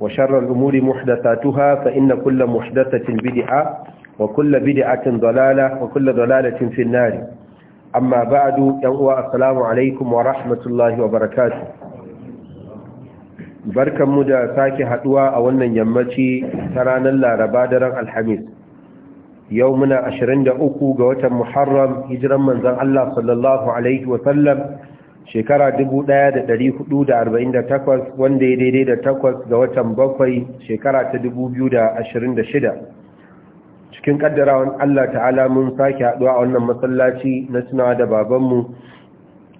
وشر الأمور محدثاتها فإن كل محدثة بدعة وكل بدعة ضلالة وكل ضلالة في النار أما بعد يوم السلام عليكم ورحمة الله وبركاته بركة مدى ساكي حدوى أولنا يمتي ترانا لا ربادرا الحميد يومنا أشرين دقوق وتم محرم هجرا من ذا الله صلى الله عليه وسلم shekara 1448 wanda ya daidai da takwas ga watan bakwai shekara ta 2026 cikin kaddarawan Allah ta'ala mun sake haɗuwa a wannan masallaci na tunawa da babanmu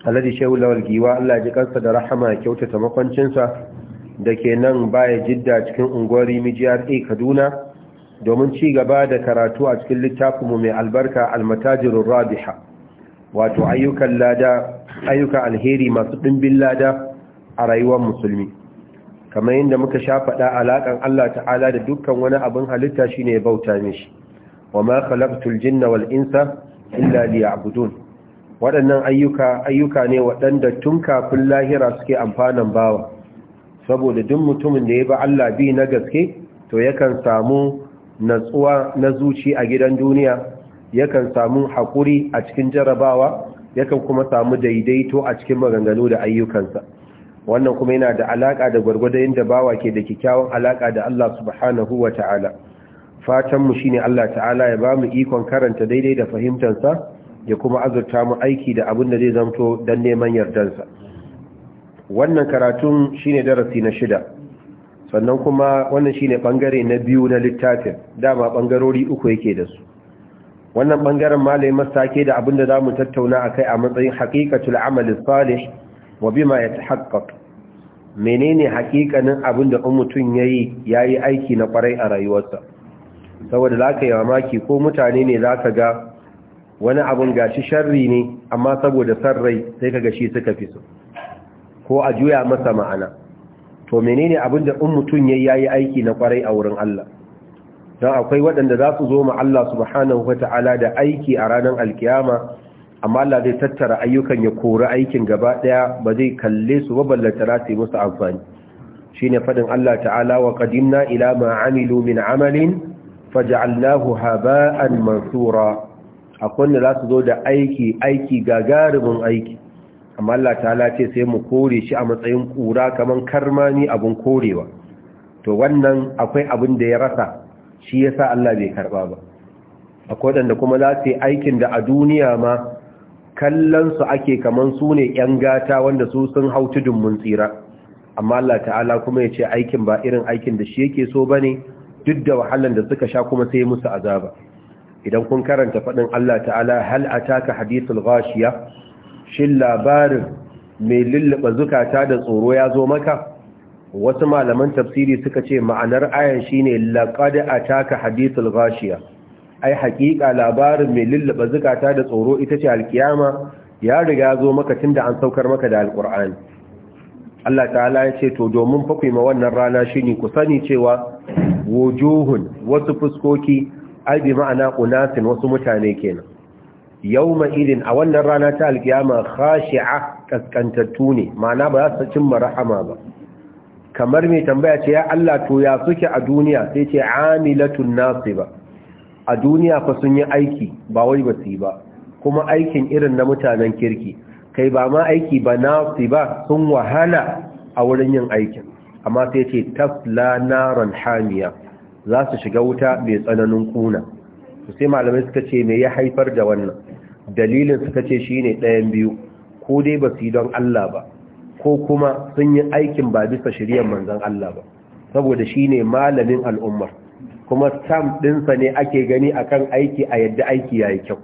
alhaji shehu lawal giwa Allah ji kansa da rahama ya kyautata makwancinsa da ke nan baya jidda cikin unguwar rimijiyar a kaduna domin ci gaba da karatu a cikin littafinmu mai albarka almatajirun rabiha wato ayyukan lada ayyukan alheri masu ɗimbin lada a rayuwar musulmi kamar yadda muka sha faɗa alaƙan Allah ta'ala da dukkan wani abin halitta shine ya bauta mishi wa ma khalaqtul jinna wal insa illa liya'budun waɗannan ayyuka ayyuka ne waɗanda tun kafin lahira suke amfanan bawa saboda duk mutumin da ya ba Allah bi na gaske to yakan samu natsuwa na zuci a gidan duniya yakan samu haƙuri a cikin jarabawa yakan kuma samu daidaito a cikin maganganu da ayyukansa wannan kuma yana da alaƙa da gwargwadon da bawa ke da kyakkyawan alaƙa da Allah subhanahu wa ta'ala fatanmu shine Allah ta'ala ya ba mu ikon karanta daidai da fahimtansa ya kuma azurta mu aiki da abin da zai zamto don neman yardansa wannan karatun shine darasi na shida sannan kuma wannan shine ɓangare na biyu na littafin dama ɓangarori uku yake da su wannan bangaren malamin ke da abinda mu tattauna akai a matsayin haqiqatul amali salih wa bima yatahaqqaq menene haƙiƙanin abinda in mutun yayi yayi aiki na kwarai a rayuwarsa saboda zaka yi mamaki ko mutane ne zaka ga wani abun gashi sharri ne amma saboda rai sai ka shi suka fi so ko a juya masa ma'ana to menene abinda in mutum ya yayi aiki na kwarai a wurin Allah don akwai waɗanda za su zo ma Allah subhanahu wa ta'ala da aiki a ranar alkiyama amma Allah zai tattara ayyukan ya kori aikin gaba ɗaya ba zai kalle su ba ballanta za su musu amfani shi ne faɗin Allah ta'ala wa ƙadimna ila ma amilu min amalin faja'allahu haba'an mansura akwai wanda za su zo da aiki aiki gagarumin aiki amma Allah ta'ala ce sai mu kore shi a matsayin kura kamar karmani abun korewa to wannan akwai abin da ya rasa shi ya sa Allah bai karɓa ba akwai wadanda kuma za su yi aikin da a duniya ma kallonsu ake kamar su ne yan gata wanda su sun hau tudun mun tsira amma Allah ta'ala kuma ya ce aikin ba irin aikin da shi yake so ba ne duk da wahalar da suka sha kuma sai musu azaba idan kun karanta faɗin Allah ta'ala hal taka hadisul gashiya shin labarin mai lullaba zukata da tsoro ya zo maka wasu malaman tafsiri suka ce ma'anar ayan shine laqad ataka hadithul ghashiya ai haƙiƙa labarin mai lullaba zukata da tsoro ita ce alkiyama ya riga zo maka tunda an saukar maka da alqur'ani Allah ta'ala ya ce to domin fa ma wannan rana shine ku sani cewa wujuhun wasu fuskoki ai bi ma'ana qunatin wasu mutane kenan yawma idin a wannan rana ta alkiyama khashi'a kaskantattu ne ma'ana ba za su cimma rahama ba kamar mai tambaya ce ya Allah to ya suke a duniya sai ce amilatun ba. a duniya fa sun yi aiki ba wai ba ba kuma aikin irin na mutanen kirki kai ba ma aiki ba ba? sun wahala a wurin yin aikin amma sai ce tasla naran hamiya za su shiga wuta mai tsananin kuna su sai malamai suka ce me ya haifar da wannan dalilin suka ce shine ɗayan biyu ko dai ba su yi don Allah ba ko kuma sun yi aikin ba bisa shiriyar manzan Allah ba saboda shi ne malamin al'ummar kuma stamp ɗinsa ne ake gani akan aiki a yadda aiki ya yi kyau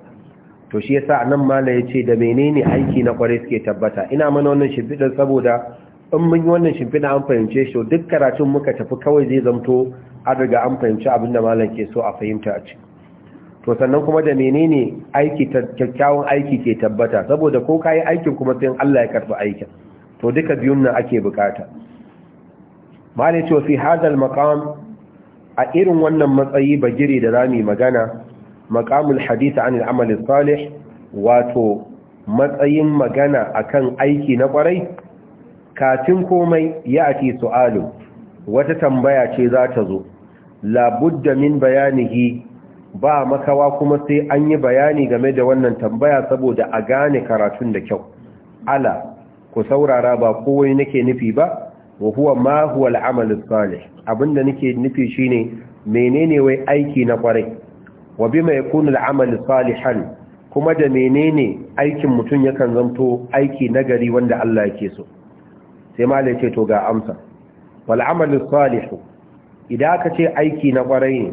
to shi yasa nan mala ya ce da menene aiki na kwarai suke tabbata ina mana wannan shimfiɗar saboda in mun yi wannan shimfiɗa an fahimce shi duk karatun muka tafi kawai zai zamto an riga an fahimci abin da malam ke so a fahimta a ci? to sannan kuma da menene aiki kyakkyawan aiki ke tabbata saboda ko ka yi aikin kuma sai Allah ya karɓi aikin to duka biyun nan ake bukata malai cewa fi hadal makam a irin wannan matsayi bagire da rami magana makamul hadisa anil amal salih wato matsayin magana a kan aiki na kwarai katin komai ya ake su'alu wata tambaya ce za ta zo labudda min bayanihi ba makawa kuma sai an yi bayani game da wannan tambaya saboda a gane karatun da kyau ala ku saurara ba kowai nake nufi ba wa huwa ma huwa al'amal salih abinda nake nufi shine menene wai aiki na kwarai wa bima yakunu al'amal salihan kuma da menene aikin mutum yakan zanto aiki nagari wanda Allah yake so sai malai ce to ga amsa wal amal salih idan aka ce aiki na kwarai ne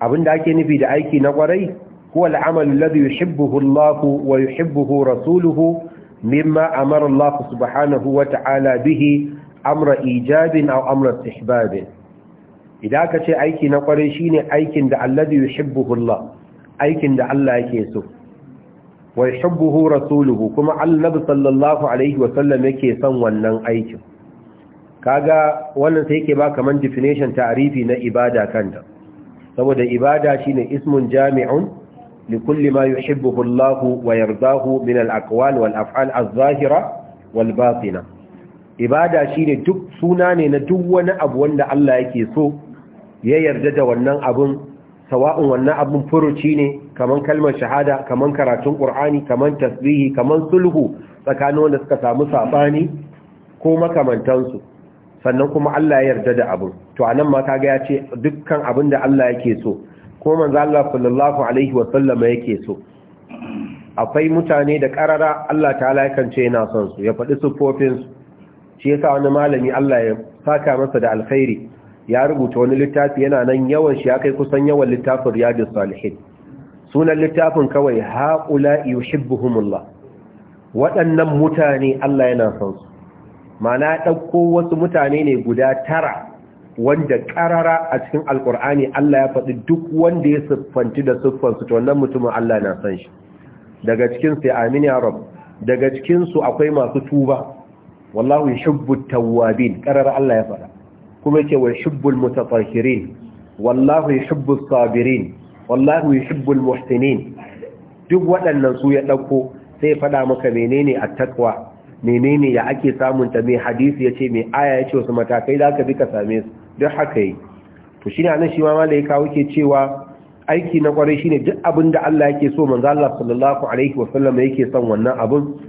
abinda ake nufi da aiki na kwarai huwa al'amal alladhi yuhibbuhu Allah wa yuhibbuhu rasuluhu mimma amara Allah subhanahu bihi amra ijabin aw amra Ida idan ka ce aiki na kwarai shine aikin da alladhi yuhibbuhu aikin da Allah yake so wa yuhibbuhu rasuluhu kuma annabi sallallahu alaihi wa sallam yake son wannan aikin kaga wannan sai yake ba kamar definition ta'rifi na ibada kanta saboda ibada shine ismun jami'un لكل wa Yarzahu الله ويرضاه من الأقوال والأفعال الظاهرة والباطنة ibada shine duk suna ne na duk wani abu wanda Allah yake so ya yarda da wannan abun sawa'un wannan abun furuci ne kaman kalmar shahada kaman karatun qur'ani kamar tasbihi kamar sulhu tsakanin wanda suka samu sabani ko makamantansu sannan kuma Allah ya yarda da abun to anan ma kaga ya ce dukkan abin da Allah yake so ko manzo Allah sallallahu alaihi wa sallama yake so akwai mutane da karara Allah ta'ala yakan ce yana son su ya faɗi sufofin su shi yasa wani malami Allah ya saka masa da alkhairi ya rubuta wani littafi yana nan yawan shi ya kai kusan yawan littafin riyadus salihin sunan littafin kawai haƙula yuhibbuhumullah waɗannan mutane Allah yana son su mana ɗauko wasu mutane ne guda tara wanda karara a cikin alkur'ani Allah ya faɗi duk wanda ya siffanci da siffansu to wannan mutumin Allah na san shi daga cikin sai amin ya rab daga cikinsu akwai masu tuba wallahu yuhibbu tawwabin karara Allah ya faɗa kuma yake wa yuhibbul mutatahhirin wallahu yuhibbus sabirin wallahu yuhibbul muhsinin duk waɗannan su ya ɗauko sai faɗa maka menene at-taqwa menene ya ake samun ta mai hadisi ce mai aya ce wasu matakai ka bi ka same su duk haka yi to shine na shi ma ya kawo ke cewa aiki na kwarai ne duk abin da Allah yake so manzo Allah sallallahu alaihi wa sallam yake son wannan abun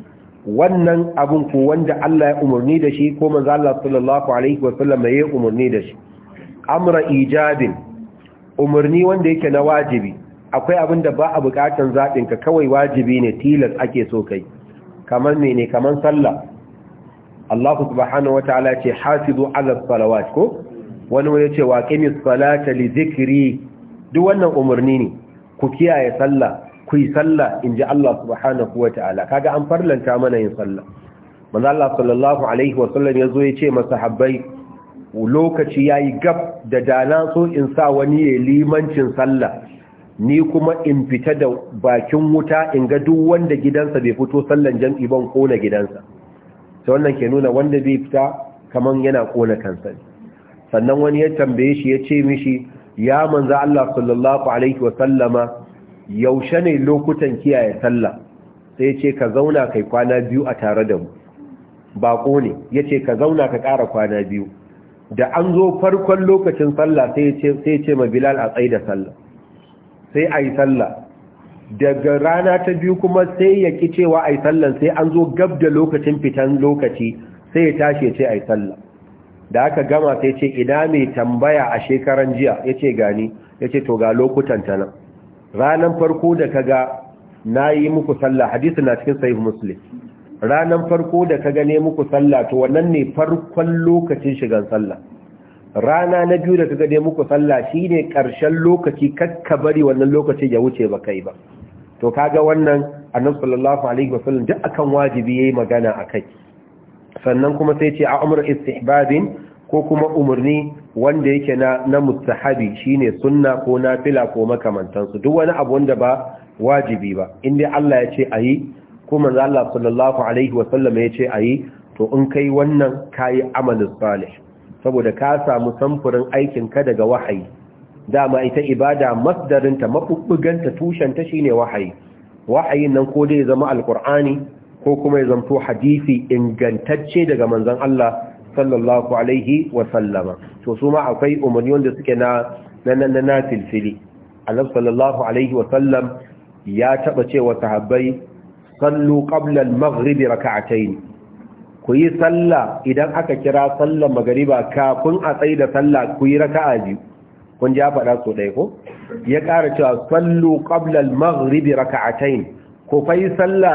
wannan abun ko wanda Allah ya umarni da shi ko manzo Allah sallallahu alaihi wa sallam ya umarni da shi amra ijabin umarni wanda yake na wajibi akwai abin da ba a bukatan ka kawai wajibi ne tilas ake so kai kamar mene kamar sallah Allah subhanahu wataala ce hafizu ala salawat ko wani wani ce wa kimi salata li dhikri duk wannan umarni ne ku kiyaye sallah ku yi sallah ji Allah subhanahu wa ta’ala kaga an farlanta mana yin sallah manzo Allah sallallahu alaihi wa sallam yazo yace masahabbai lokaci yayi gab da dana so in sa wani ya limancin sallah ni kuma in fita da bakin wuta in ga duk wanda gidansa bai fito sallan jam'i ban kona gidansa sai wannan ke nuna wanda bai fita kaman yana kona kansa ne sannan wani ya tambaye shi ya ce mishi ya manza Allah sallallahu alaihi wasallama yaushe ne lokutan kiyaye sallah sai ya ce ka zauna kai kwana biyu a tare da mu bako ne ya ce ka zauna ka ƙara kwana biyu da an zo farkon lokacin sallah sai ya ce ma bilal a tsaye da sallah sai a sallah daga rana ta biyu kuma sai ya ƙi cewa a yi sallah sai an zo gab da lokacin fitan lokaci sai ya tashi ya ce a sallah da aka gama sai ce ina mai tambaya a shekaran jiya ya ce gani ya ce to ga lokutan ta nan ranar farko da ka ga na yi muku sallah hadisi na cikin sahih muslim ranar farko da ka gane muku sallah to wannan ne farkon lokacin shigan sallah rana na biyu da ka gane muku sallah shine karshen lokaci kakka bari wannan lokacin ya wuce ba kai ba to kaga wannan annabi sallallahu alaihi wasallam duk akan wajibi yayi magana akai sannan kuma sai ce a umar istihbabin ko kuma umarni wanda yake na na mutahabi shine sunna ko nafila ko makamantansu duk wani abu wanda ba wajibi ba inda Allah ya ce ayi kuma manzo Allah sallallahu alaihi wa sallam ya ce ayi to in kai wannan kayi amalin salih saboda ka samu samfurin aikin ka daga wahayi dama ita ibada masdarinta tushen tushenta shine wahayi wahayin nan ko dai zama Alkur'ani. ko kuma ya zanto hadisi ingantacce daga manzon Allah sallallahu alaihi wa sallama to su ma akwai umarni wanda suke na na na na filfili annab sallallahu alaihi wa sallam ya taba cewa sahabbai sallu qabla al-maghrib rak'atayn ku yi salla idan aka kira sallar magariba kafin a tsaye da salla ku yi raka'a biyu kun ja faɗa so ɗaya ko ya ƙara cewa sallu qabla al-maghrib rak'atayn ku fai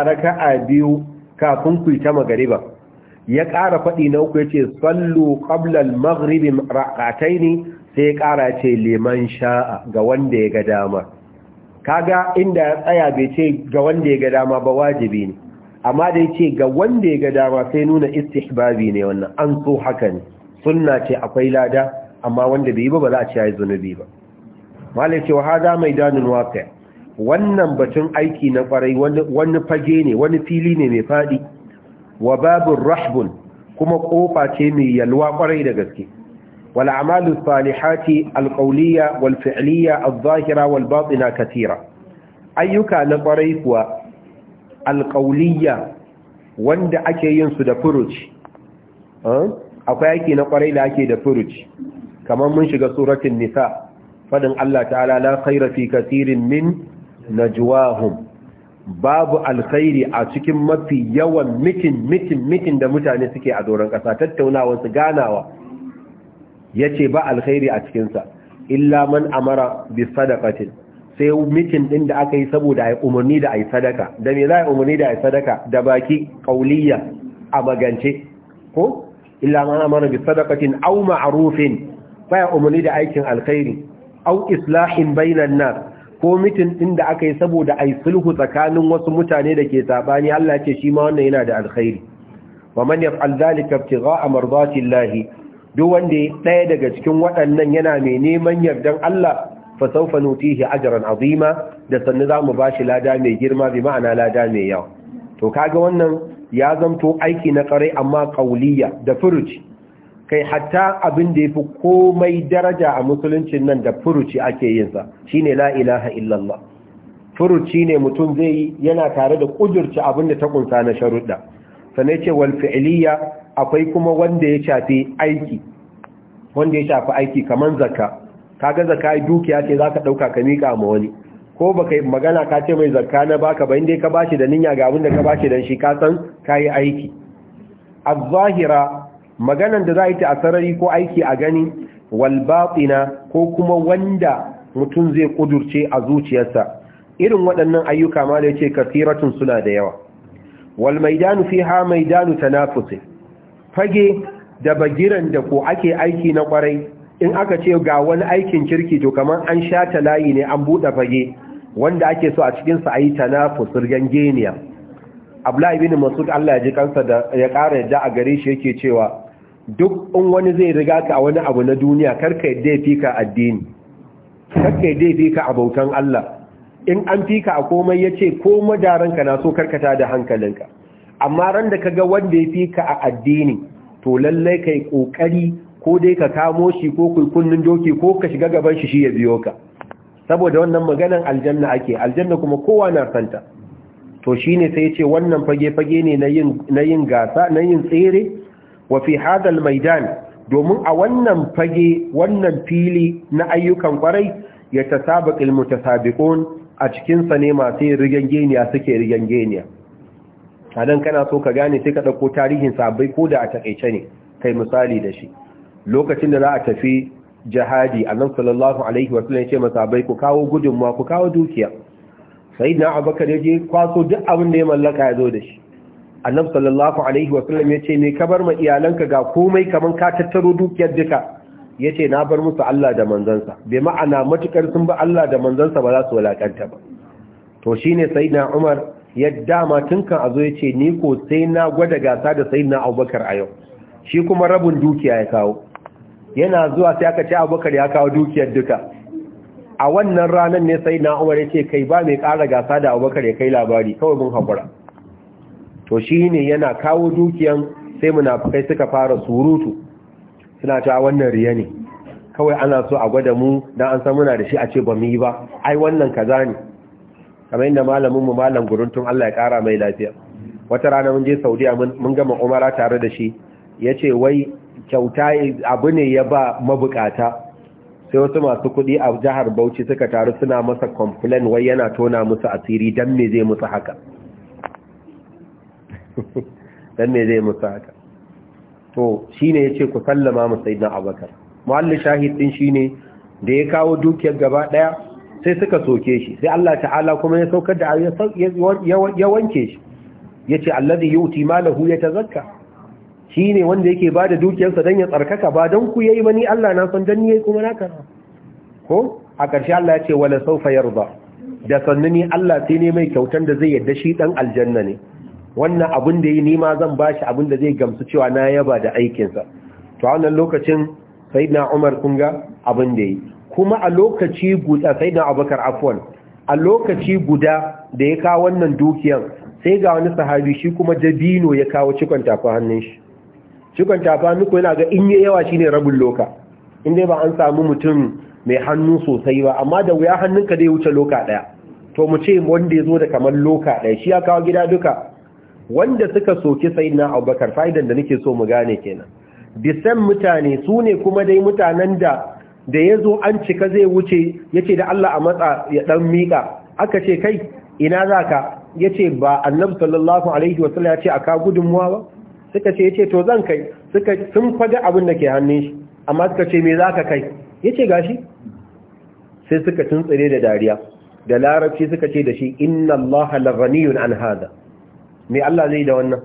raka a biyu kafin ku ta magariba ya ƙara faɗi na uku yace sallu qabla al-maghrib ne, sai ya ƙara ce liman sha'a ga wanda ya ga dama kaga inda ya tsaya bai ce ga wanda ya ga dama ba wajibi ne amma da yace ga wanda ya ga dama sai nuna istihbabi ne wannan an so haka ne sunna ce akwai lada amma wanda bai yi ba ba za a ci yi zunubi ba malai ce wa hada maidanul waqi' wannan batun aiki na kwarai wani fage ne wani fili ne mai faɗi wa babin rahbun kuma ƙofa ce mai yalwa kwarai da gaske wal amalu salihati alqawliya wal fi'liya adh-dhahira wal batina katira ayyuka na kwarai kuwa alqawliya wanda ake yin su da furuci akwai aiki na kwarai da ake da furuci kamar mun shiga suratul nisa fadin Allah ta'ala la khayra fi katirin min najwahum babu alkhairi a cikin mafi yawan mitin mitin mitin da mutane suke a doron kasa tattaunawa su ganawa yace ba alkhairi a cikin sa illa man amara bi sadaqatin sai mitin din da aka yi saboda ai umarni da ai sadaka da me za ai umarni da ai sadaka da baki qauliyya a magance ko illa man amara bi sadaqatin aw ma'rufin fa umarni da aikin alkhairi aw islahin bainan nas ko mitin ɗin da aka yi saboda a yi sulhu tsakanin wasu mutane da ke saɓani Allah ce shi ma wannan yana da alkhairi wa man yaf'al dhalika ibtigha'a mardati Allah duk wanda ya ɗaya daga cikin waɗannan yana mai neman yardan Allah fa sawfa nutihi ajran azima da sannu zamu bashi lada mai girma bi ma'ana lada mai yawa to kaga wannan ya zamto aiki na ƙarai amma qauliya da furuci kai hatta abin da ya fi komai daraja a musuluncin nan da furuci ake yinsa shi ne la'ilaha illallah furuci ne mutum zai yi yana tare da ƙudurci abin da ta kunsa na sharuɗa sanai ce wal walfi'iliya akwai kuma wanda ya shafi aiki wanda ya shafi aiki kamar zakka kaga zakka dukiya ce za ka ɗauka ka miƙa ma wani ko ba magana ka ce mai zakka na baka ba inda ka bashi da ninya ga abin da ka bashi dan shi ka san ka yi aiki az-zahira maganan da za a yi ta a sarari ko aiki a gani walbaɗina ko kuma wanda mutum zai ƙudurce a zuciyarsa irin waɗannan ayyuka ma da yace kafiratun suna da yawa wal maidanu ha maidanu tanafus fage da bagiran da ko ake aiki na kwarai in aka ce ga wani aikin kirki to kamar an sha ta layi ne an buɗe fage wanda ake so a cikin sa ayi tanafus gangeniya Abdullahi ibn Mas'ud Allah ya ji kansa da ya ƙara yadda a gare shi yake cewa duk in wani zai riga ka a wani abu na duniya karka yadda ya fi ka addini karka yadda ya fi ka abautan Allah in an fi ka a komai ya ce ko madaranka na so karkata da hankalinka amma ran da ka ga wanda ya fi ka a addini to lallai ka yi ƙoƙari ko dai ka kamo shi ko kunnin doki ko ka shiga gaban shi shi ya biyo ka saboda wannan maganan aljanna ake aljanna kuma kowa na santa to shine sai ya ce wannan fage-fage ne na yin gasa na yin tsere wa fi hadal maidan domin a wannan fage wannan fili na ayyukan kwarai ya tasabiqul mutasabiqun a cikinsa ne masu yin rigangeniya suke rigangeniya adan kana so ka gane sai ka ɗauko tarihin sabai ko da a taƙaice ne kai misali da shi lokacin da za a tafi jihadi annabi sallallahu alaihi wa sallam ya ce masahabai ku kawo gudunmuwa ku kawo dukiya sayyidina abubakar yaje kwaso duk abin da ya mallaka ya zo da shi annabi sallallahu alaihi wa sallam ce me ka bar ma iyalanka ga komai kamar ka tattaro dukiyar duka Ya ce na bar musu Allah da manzansa bai ma'ana matukar sun ba Allah da manzansa ba za su walakanta ba to shi ne sayyidina Umar ya dama tun kan azo ya ce ni ko sai na gwada gasa da sayyidina Abubakar a yau shi kuma rabin dukiya ya kawo yana zuwa sai aka ce Abubakar ya kawo dukiyar duka a wannan ranar ne sayyidina Umar ya ce kai ba mai ƙara gasa da Abubakar ya kai labari kawai mun haƙura. to shi ne yana kawo dukiyan sai munafikai suka fara surutu suna ta wannan riya ne kawai ana so a gwada mu na an san muna da shi a ce ba mu yi ba ai wannan kaza ne kamar inda malamin mu malam guruntun Allah ya kara mai lafiya wata rana mun je Saudiya mun gama umara tare da shi yace wai kyauta abu ne ya ba mabukata sai wasu masu kuɗi a jihar Bauchi suka taru suna masa complain wai yana tona musu asiri dan me zai musu haka dan ne zai musu haka to shine yace ku sallama mu sayyidina abubakar mualli shahid din shine da ya kawo dukiyar gaba daya sai suka soke shi sai Allah ta'ala kuma ya saukar da ya wanke shi yace allazi yuti malahu yatazakka shine wanda yake bada dukiyarsa dan ya tsarkaka ba dan ku yayi bani Allah na san dan yayi kuma naka ko a ƙarshe Allah ya ce wala sawfa yarda da sannani Allah sai ne mai kyautan da zai yarda shi dan aljanna ne wannan abin da yi nima zan bashi abin da zai gamsu cewa na yaba da aikinsa to a wannan lokacin na Umar kun ga abin da yi kuma a lokaci guda na Abubakar afwan a lokaci guda da ya kawo wannan dukiyan sai ga wani sahabi shi kuma dabino ya kawo cikon tafi hannun shi cikon tafi hannun yana ga in yi yawa shine rabin loka in dai ba an samu mutum mai hannu sosai ba amma da wuya hannunka dai wuce loka daya to mu ce wanda ya zo da kamar loka ɗaya shi ya kawo gida duka wanda suka soki sayyidina Abubakar fa'idan da nake so mu gane kenan bisan mutane sune kuma dai mutanen da da yazo an cika zai wuce yace da Allah a matsa ya dan mika aka ce kai ina zaka yace ba annabi sallallahu alaihi wasallam ya ce aka gudunmuwa ba suka ce yace to zan kai suka sun faga abin da ke hannun shi amma suka ce me zaka kai yace gashi sai suka tuntsire da dariya da larabci suka ce da shi inna allaha laghaniyun an hada me Allah zai da wannan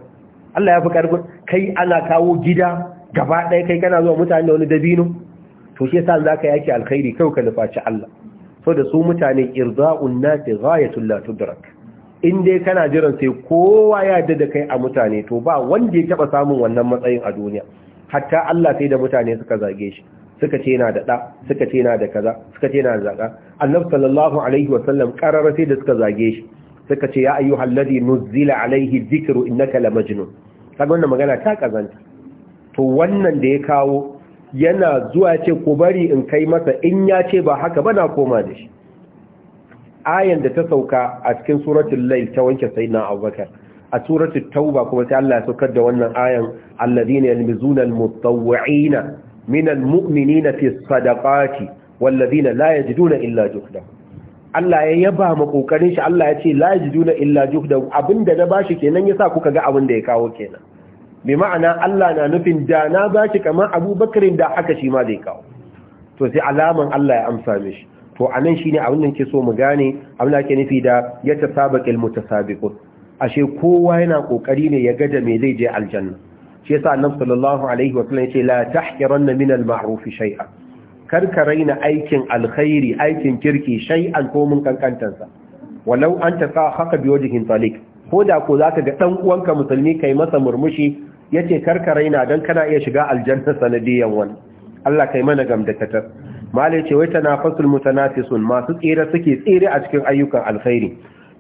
Allah ya fi karfin kai ana kawo gida gaba ɗaya kai kana zuwa mutane da wani dabino to shi yasa zaka yaki alkhairi kai ka nufaci Allah so da su mutane irza'un nasi ghayatul la tudrak in dai kana jiran sai kowa ya yarda da kai a mutane to ba wanda ya taba samun wannan matsayin a duniya hatta Allah sai da mutane suka zage shi suka ce yana da ɗa suka ce yana da kaza suka ce yana da zaka annabi sallallahu alaihi wasallam karara sai da suka zage shi suka ce ya ayyu halladi nuzila alaihi dhikru innaka majnun kaga wannan magana ta kazanta to wannan da ya kawo yana zuwa ce ko bari in kai masa in ya ce ba haka ba na koma da shi ayan da ta sauka a cikin suratul layl ta wanke sayyidina abubakar a suratul tauba kuma sai Allah ya saukar da wannan ayan alladhina yalmizuna almutawwi'ina minal mu'minina fi sadaqati والذين لا يجدون إلا جهدهم Allah ya yaba ma kokarin shi Allah ya ce la yajiduna illa juhda abinda na bashi kenan yasa kuka ga abin da ya kawo kenan bi ma'ana Allah na nufin da na baki kamar Abubakar da haka shi ma zai kawo to sai alaman Allah ya amsa mishi to anan shine abin da nake so mu gane abin da ke nufi da ya tasabaqil mutasabiqun ashe kowa yana kokari ne ya ga da me zai je aljanna shi yasa annabi sallallahu alaihi wa sallam ya ce la tahqiranna min al-ma'ruf shay'an karka raina aikin alkhairi aikin kirki shai, ko mun kankantansa walau an ta haka biyo jikin talik ko da ko ka ga ɗan uwanka musulmi kai masa murmushi yace karka raina dan kana iya shiga aljanna sanadiyan wani Allah kai mana gamdakatar malai ce wai tanafasul mutanafisun masu tsere suke tsere a cikin ayyukan alkhairi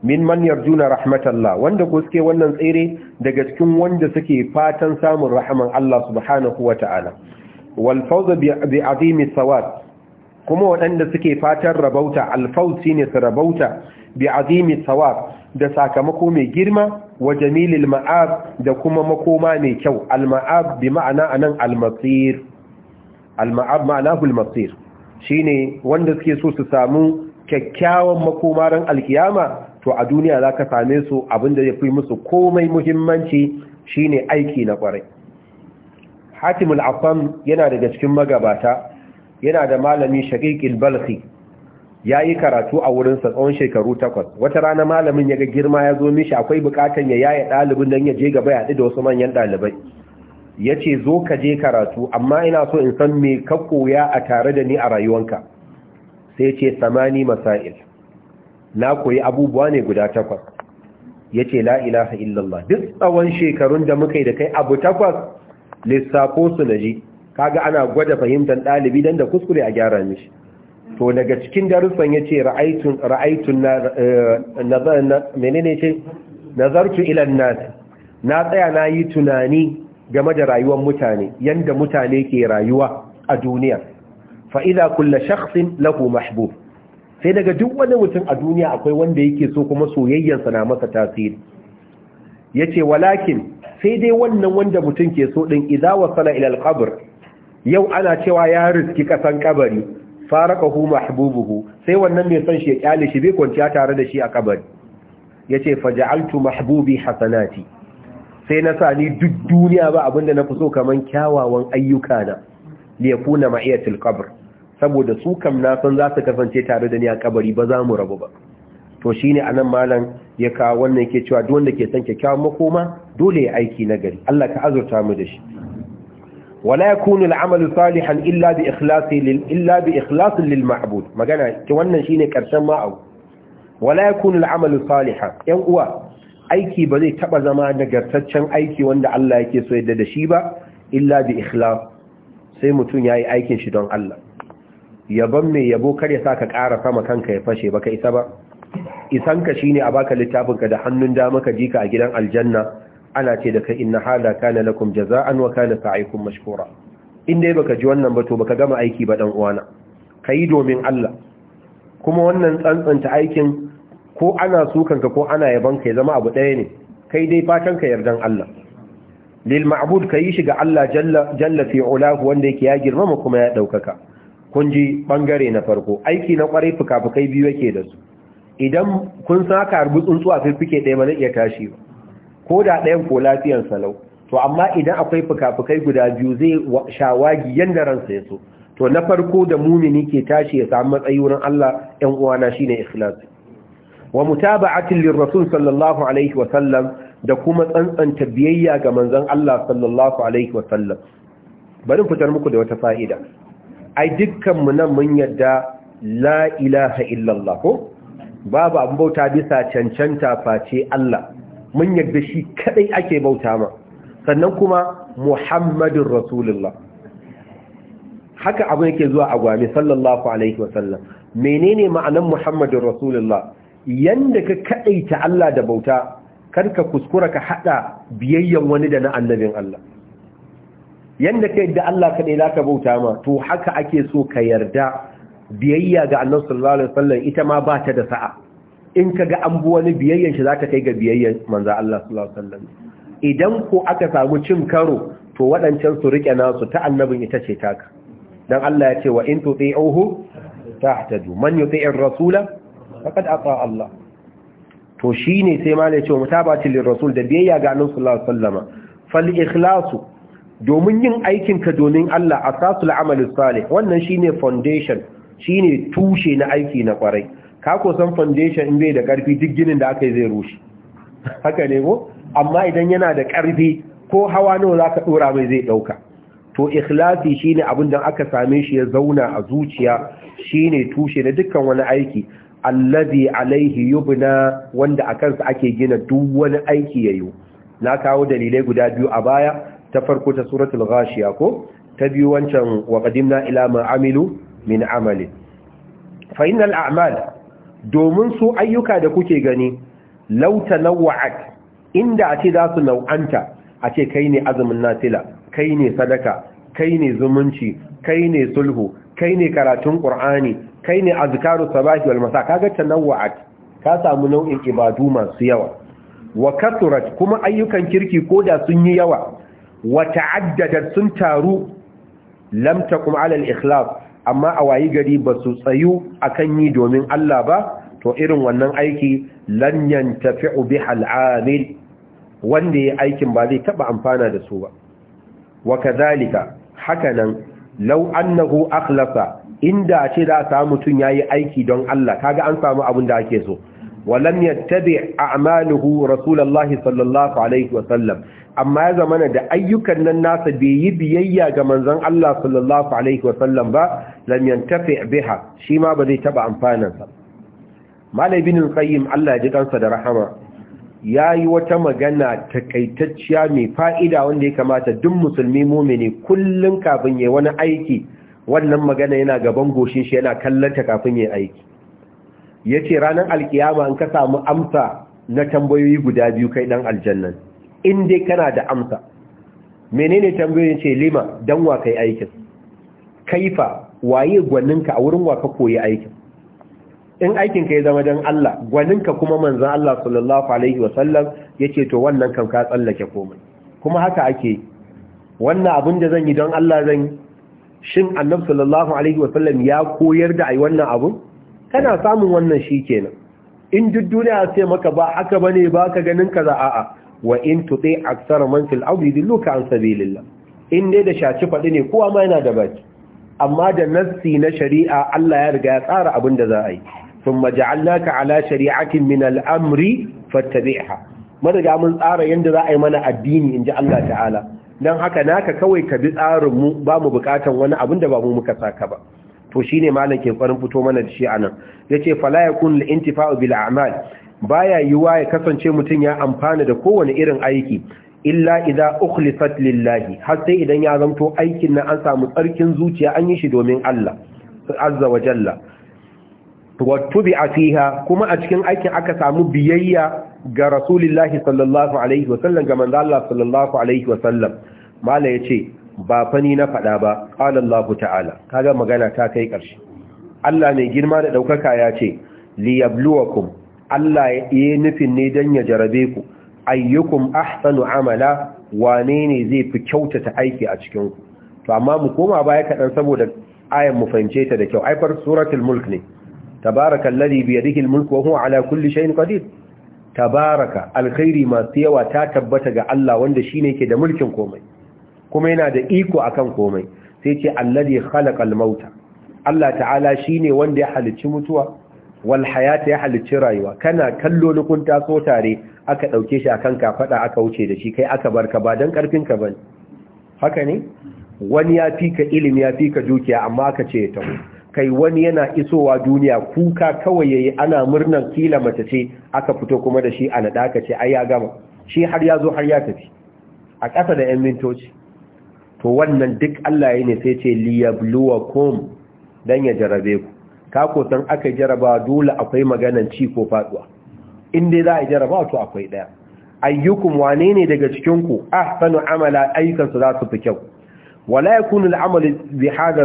min man yarjuna rahmatallah wanda ko suke wannan tsere daga cikin wanda suke fatan samun rahman Allah subhanahu wataala walfauza bi azimi sawat kuma waɗanda suke fatan rabauta alfauzi ne su rabauta bi azimi sawat da sakamako mai girma wa jamilil ma'ab da kuma makoma mai kyau al-ma'ab bi ma'ana anan al-masir al-ma'ab al-masir shine wanda suke so su samu kyakkyawan makoma ran alkiyama to a duniya zaka same su abinda yafi musu komai muhimmanci shine aiki na kwarai hatimul afam yana daga cikin magabata yana da malami shaqiqil balhi ya yi karatu a wurinsa tsawon shekaru takwas wata rana malamin ya ga girma ya zo mishi akwai bukatan ya yaya ɗalibin don ya je gaba ya haɗu da wasu manyan ɗalibai ya ce zo ka je karatu amma ina so in san me ka koya a tare da ni a rayuwanka sai ce samani masail na koyi abubuwa ne guda takwas ya ce la ilaha illallah duk tsawon shekarun da muka yi da kai abu takwas lissafo su na ji kaga ana gwada fahimtar ɗalibi don da kuskure a gyara mishi to daga cikin darussan ya ce ra'aitun eh, menene nazartu ilan nasi na tsaya na yi tunani game da rayuwar mutane yadda mutane ke rayuwa a duniya fa'ida kulla shaksin lahu mahbub sai daga duk wani mutum a duniya akwai wanda yake so kuma soyayyarsa na masa tasiri yace walakin sai dai wannan wanda mutum ke so ɗin idza wasala ila al yau ana cewa ya riski kasan kabari faraqahu mahbubuhu sai wannan mai son shi ya kyale shi bai kwanciya tare da shi a kabari yace faj'altu mahbubi hasanati sai na sa ni duk duniya ba abinda na fi so kaman kyawawan ayyuka na yakuna ma'iyatul qabr saboda su kam na san za su kasance tare da ni a kabari ba za mu rabu ba to shi a anan malam ya kawo wannan ke cewa duk wanda ke son kyakkyawan makoma dole ya aiki na gari Allah ka azurta mu da shi wala yakunu al'amalu salihan illa bi ikhlasi lil illa bi ikhlasi lil ma'bud magana ki wannan shine karshen ma abu wala yakunu al'amalu salihan yan uwa aiki ba zai taba zama nagartaccen aiki wanda Allah yake so yadda da shi ba illa bi ikhlas sai mutum yayi aikin shi don Allah yabon mai yabo kar ya saka ƙara sama kanka ya fashe baka isa ba isanka shine a baka littafin ka da hannun dama ka jika a gidan aljanna ana ce da kai inna hada kana lakum jaza'an wa kana sa'ikum mashkura inda dai baka ji wannan ba to baka gama aiki ba dan uwana kai domin Allah kuma wannan tsantsanta aikin ko ana sukanka ko ana ka ya zama abu ɗaya ne kai dai fatan ka yardan Allah lil ma'bud kai shi ga Allah jalla jalla fi ulahu wanda yake ya girmama kuma ya daukaka kun ji bangare na farko aiki na kwarai fuka-fukai biyu yake da su idan kun sa haka harbi tsuntsuwa sai fike ɗaya ba zai iya tashi ba ko da ɗayan ko lafiyan salau to amma idan akwai fuka-fukai guda biyu zai shawagi yadda ransa ya so to na farko da mumini ke tashi ya samu matsayi wurin Allah ɗan uwana shine ikhlas wa mutaba'atin rasul sallallahu alaihi wa sallam da kuma tsantsanta biyayya ga manzon Allah sallallahu alaihi wa sallam bari fitar muku da wata fa'ida ai dukkan mu nan mun yadda la ilaha illallah ko babu abin bauta bisa cancanta face Allah mun yarda shi kadai ake bauta ma sannan kuma Muhammadun Rasulullah haka abin yake zuwa a gwami sallallahu alaihi wasallam menene ma'anan Muhammadun Rasulullah yanda ka ta Allah da bauta karka kuskura ka hada biyayyan wani da na annabin Allah yanda ka yadda Allah kadai zaka bauta ma to haka ake so ka yarda biyayya ga annabi sallallahu alaihi wasallam ita ma ba ta da sa'a in kaga an bu wani biyayyan shi zaka kai ga biyayyan manzo Allah sallallahu alaihi wasallam idan ko aka samu cin karo to waɗancan su rike nasu ta annabin ita ce taka dan Allah ya ce wa in tuti'uhu tahtaju man yuti'ir rasula faqad ata Allah to shine sai ma ne ce mutabati lir rasul da biyayya ga annabi sallallahu alaihi wasallama fal ikhlasu domin yin aikin ka domin Allah asasul amali salih wannan shine foundation Shi ne tushe na aiki na kwarai ka san foundation in bai da karfi duk ginin da aka yi zai rushe haka ne ko amma idan yana da karfi ko hawa nawa ka ɗora mai zai ɗauka? to ikhlasi shine abin da aka same shi ya zauna a zuciya Shi ne tushe na dukkan wani aiki allazi alaihi yubna wanda akan sa ake gina duk wani aiki ya yi. na kawo dalilai guda biyu a baya ta farko ta suratul ghashiya ko ta biyu wancan wa qadimna ila ma amilu min amali fa innal a'mal domin su ayyuka da kuke gani lauta tanawwa'at inda ace za su nau'anta ce kai ne azumin nafila kai ne sadaka kai ne zumunci kai ne sulhu kai ne karatun ƙur'ani, kai ne azkaru sabahi wal masa kaga tanawwa'at ka samu nau'in ibadu masu yawa wa kasurat kuma ayyukan kirki ko da sun yi yawa wa ta'addadat sun taru lam takum ala al-ikhlas amma a wayi gari ba su tsayu akan yi domin Allah ba to irin wannan aiki lanyan tafi ubi al’amil wanda ya aikin ba zai taɓa amfana da su ba wa haka hakanan law annahu akhlasa inda ce a samu ya yi aiki don Allah kaga an samu abin da ake so ولم يتبع اعماله رسول الله صلى الله amma ya zamana da ayyukan nan nasa bai yi biyayya ga manzon Allah sallallahu ba lam yantafi biha shi ma ba zai taba amfana sa malai ibn Allah ya ji da rahama yayi wata magana takaitacciya mai fa'ida wanda ya kamata duk musulmi mu'mini kullum kafin yayi wani aiki wannan maganar yana gaban goshin shi yana kallonta kafin yayi aiki Ya ce ranar alkiyama in ka samu amsa na tambayoyi guda biyu kai dan aljannan in dai kana da amsa menene tambayoyin ce lima dan wa kai aikin kaifa waye gwaninka a wurin wa ka koyi aikin in aikin ka ya zama dan Allah gwaninka kuma manzon Allah sallallahu alaihi wasallam yace to wannan kan ka tsallake komai kuma haka ake wannan abin da zan yi don Allah zan yi shin annabi sallallahu alaihi wasallam ya koyar da ai wannan abun kana samun wannan shi kenan in duk duniya sai maka ba haka ne ba ka ganin ka za? a'a wa in tuti aksara man fil ardi dilluka an sabilillah in dai da shaci faɗi ne kowa ma yana da baki amma da nassi na shari'a Allah ya riga ya tsara abin da za a yi thumma ja'alnaka ala shari'atin min al-amri fattabi'ha mun mun tsara yadda za a yi mana addini inji Allah ta'ala dan haka naka kawai ka bi tsarin mu ba mu bukatan wani abin da ba mu muka saka ba to shine malam ke farin fito mana da shi anan yace fala ya lil intifa'u bil a'mal baya yiwa ya kasance mutum ya amfana da kowane irin aiki illa idza ukhlisat lillahi har sai idan ya zanto aikin nan an samu tsarkin zuciya an yi shi domin Allah azza wa jalla wattubi a fiha kuma a cikin aikin aka samu biyayya ga rasulillahi sallallahu alaihi wasallam ga manzo Allah sallallahu alaihi wasallam mala yace ba fani na faɗa ba qala Allah ta'ala kaga magana ta kai ƙarshe Allah mai girma da ɗaukaka ya ce liyabluwakum Allah ya nufin ne dan ya jarabe ku ayyukum ahsanu amala wane ne zai fi kyautata aiki a cikin ku to amma mu koma baya kaɗan saboda ayan mu fahimce ta da kyau aifar suratul mulk ne tabaraka alladhi bi yadihi almulk wa huwa ala kulli shay'in qadir tabaraka alkhairi masu yawa ta tabbata ga Allah wanda shine yake da mulkin komai kuma yana da iko akan komai sai ce alladhi khalaqal mauta Allah ta'ala shine wanda ya halicci mutuwa wal hayata ya halicci rayuwa kana kallo lukun taso tare aka dauke shi akan kafada aka wuce da shi kai aka barka ba dan karfin ka bane haka ne wani ya fika ilimi ya fika dukiya amma aka ce ta kai wani yana isowa duniya kuka kawai yayi ana murnan kila mace ce aka fito kuma da shi a nada ce ai ya gama shi har ya zo har ya tafi a ƙasa da 'yan mintoci to wannan duk Allah ya ne sai ce liyabluwakum dan ya jarabe ku ka ko san aka jaraba dole akwai maganan ci ko faduwa in dai za a jaraba to akwai daya ayyukum wane ne daga cikin ku ahsanu amala ayyukan su za su fi kyau wala yakunu al'amalu bi hadha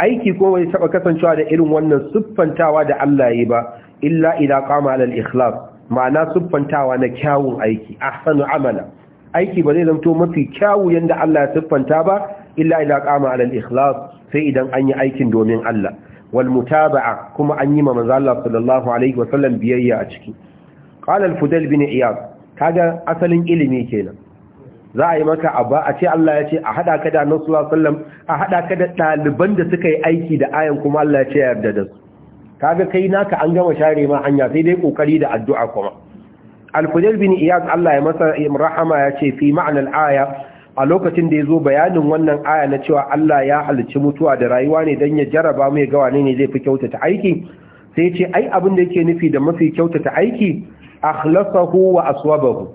aiki ko bai taɓa kasancewa da irin wannan siffantawa da Allah yi ba illa ila qama al-ikhlas ma'ana siffantawa na kyawun aiki ahsanu amala aiki ba zai zamto mafi kyawu yanda Allah ya siffanta ba illa ila qama ala al-ikhlas sai idan an yi aikin domin Allah wal mutaba'a kuma an yi ma manzo Allah sallallahu alaihi wa sallam biyayya a ciki qala al-fudail bin iyad kaga asalin ilimi kenan za a yi maka abba a ce Allah ya ce a hada ka da Annabi sallam, a hada ka da daliban da suka yi aiki da ayan kuma Allah ya ce yarda da su kaga kai naka an gama share ma hanya sai dai kokari da addu'a kuma al-fudail bin iyad Allah ya masa rahama ya ce fi ma'anar aya a lokacin da ya zo bayanin wannan aya na cewa Allah ya halicci mutuwa da rayuwa ne don ya jaraba mai gawa ne ne zai fi kyautata aiki sai ce ai abin da yake nufi da mafi kyautata aiki akhlasahu wa aswabahu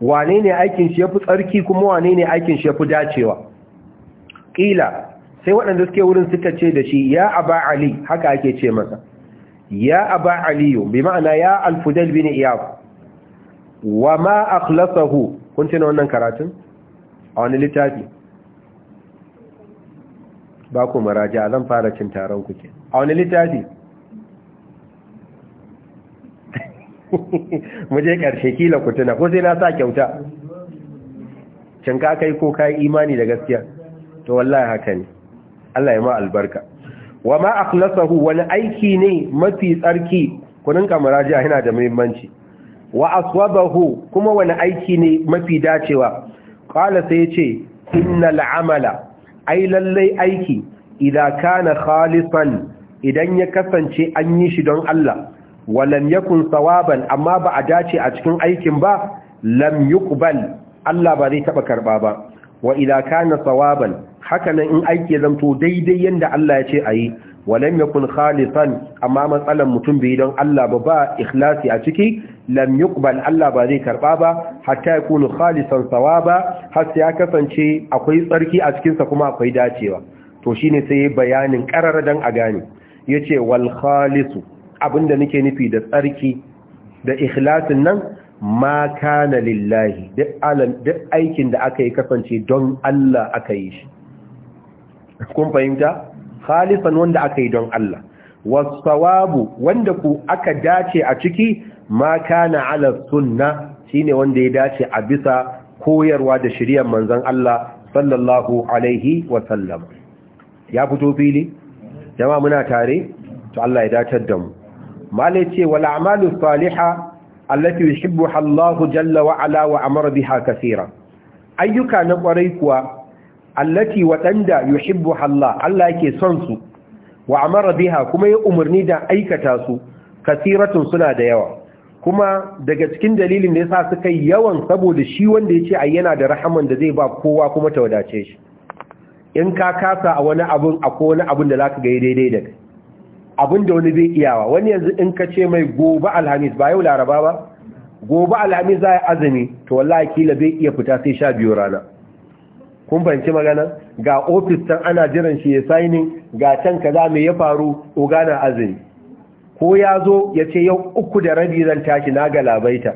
wane ne aikin shi yafi tsarki kuma wane ne aikin shi yafi dacewa kila sai waɗanda suke wurin suka ce da shi ya aba ali haka ake ce masa ya aba aliyu bi ma'ana ya alfudal bin iyab wa ma akhlasahu kun tuna wannan karatun a wani littafi ba ku maraja zan fara cin taron kuke a wani littafi muje ƙarshe kila ku tuna ko sai na sa kyauta cin ka kai ko kai imani da gaskiya to wallahi haka ne Allah ya ma albarka wa ma akhlasahu wani aiki ne mafi tsarki kunin maraja yana da muhimmanci wa aswabahu kuma wani aiki ne mafi dacewa qala sai yace innal amala ai lallai aiki idan kana khalisan idan ya kasance an yi shi don Allah walam yakun sawaban amma ba a dace a cikin aikin ba lam yuqbal Allah ba zai taba karba ba wa idan kana sawaban haka nan in aiki ya zanto daidai yanda Allah ya ce ayi walam yakun khalisan amma مثلا mutum bai don Allah ba ba a ciki lam yuqbal Allah ba zai karba ba hatta yakunu khalisan sawaba ba? sai ya kasance akwai tsarki a cikin sa kuma akwai dacewa to shine sai bayanin karara dan a gane yace wal khalisu abinda nake nufi da tsarki da ikhlasin nan ma kana lillahi duk aikin da aka yi kasance don Allah aka yi shi kun fahimta khalisan wanda aka yi don Allah wasawabu wanda ku aka dace a ciki ma kana ala sunna shine wanda ya dace a bisa koyarwa da shiriyar manzon Allah sallallahu alaihi wa sallam ya fito fili jama'a muna tare to Allah ya datar da mu malai ce wal a'malu salihah allati yuhibbuha Allahu jalla wa ala wa amara biha kaseeran ayyuka na kwarai kuwa allati waɗanda yuhibbu Allah Allah yake son su wa amara biha kuma ya umarni da aikata su kasiratun suna da yawa kuma daga cikin dalilin da yasa suka yawan saboda shi wanda ce a yana da rahaman da zai ba kowa kuma ta wadace shi in ka kasa a wani abun akwai wani abun da zaka ga daidai da kai abun da wani zai iyawa wani yanzu in ka ce mai gobe alhamis ba yau laraba ba gobe alhamis za azumi to wallahi kila bai iya fita sai sha biyu rana kun banci magana ga ofis can ana jiran shi ya sainin ga can kaza mai ya faru ogana azumi ko ya zo ya ce yau uku da rabi zan tashi na ga labaita.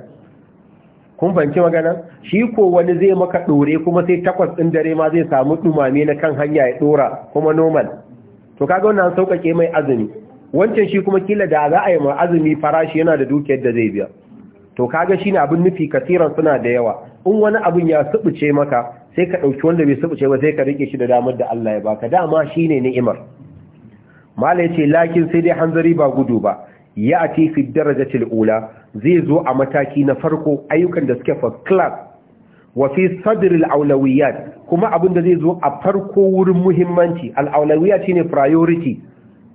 kun banci magana shi ko wani zai maka dore kuma sai takwas ɗin dare ma zai samu dumame na kan hanya ya ɗora kuma normal to kaga wannan sauƙaƙe mai azumi wancan shi kuma kila da za a yi ma azumi farashi yana da dukiyar da zai biya to kaga shine abin nufi kasiran suna da yawa in wani abin ya subuce maka sai ka ɗauki wanda bai sabuce ba sai ka rike shi da damar da Allah ya baka dama shine ni'imar mala ce, lakin sai dai hanzari ba gudu ba ya ati fi darajatil ula zai zo a mataki na farko ayyukan da suke first class wa fi sadril aulawiyat kuma abin da zai zo a farko wurin muhimmanci al aulawiyat shine priority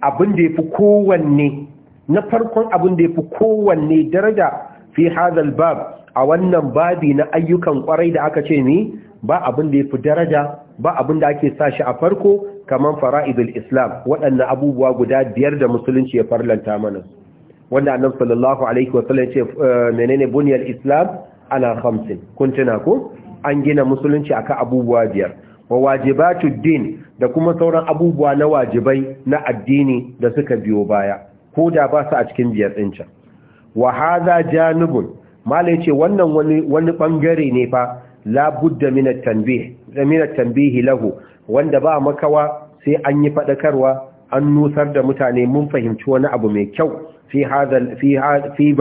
abin da yafi kowanne na farkon abin da yafi kowanne daraja fi hadal bab a wannan babi na ayyukan kwarai da aka ce ni ba abin da ya fi daraja ba abin da ake sa shi a farko kamar fara'idul islam waɗannan abubuwa guda biyar da musulunci ya farlanta mana wanda annabi sallallahu alaihi wa sallam ce eh, menene bunyal islam ala khamsin kun tuna ko an gina musulunci akan abubuwa biyar wa wajibatud din da kuma sauran abubuwa na wajibai na addini da suka biyo baya ko da ba su a cikin biyar ɗin can wa hadha janibun ya ce wannan wani wani bangare ne fa labudda budda min tanbih lahu wanda ba makawa sai an yi fadakarwa an nusar da mutane mun fahimci wani abu mai kyau fi hadal fi fi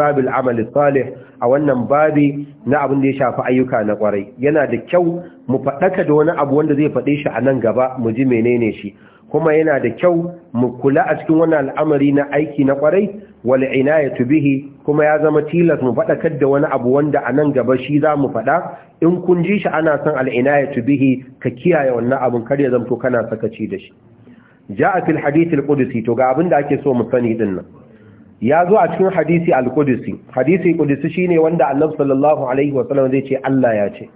salih a wannan babi na abin da ya shafi ayyuka na kwarai yana da kyau mu fadaka da wani abu wanda zai fade shi a nan gaba mu ji menene shi kuma yana da kyau mu kula a cikin wannan al'amari na aiki na kwarai wal inayatu bihi kuma ya zama tilas mu faɗakar da wani abu wanda a nan gaba shi za mu faɗa in kun ji shi ana son al'inaya tu bihi ka kiyaye wannan abin kar ya zamto kana sakaci da shi Ja a fil hadisi al kudusi to ga abin da ake so mu sani din nan ya zo a cikin hadisi al kudusi hadisi al-kudusi shine wanda annabi sallallahu alaihi wa zai ce Allah ya ce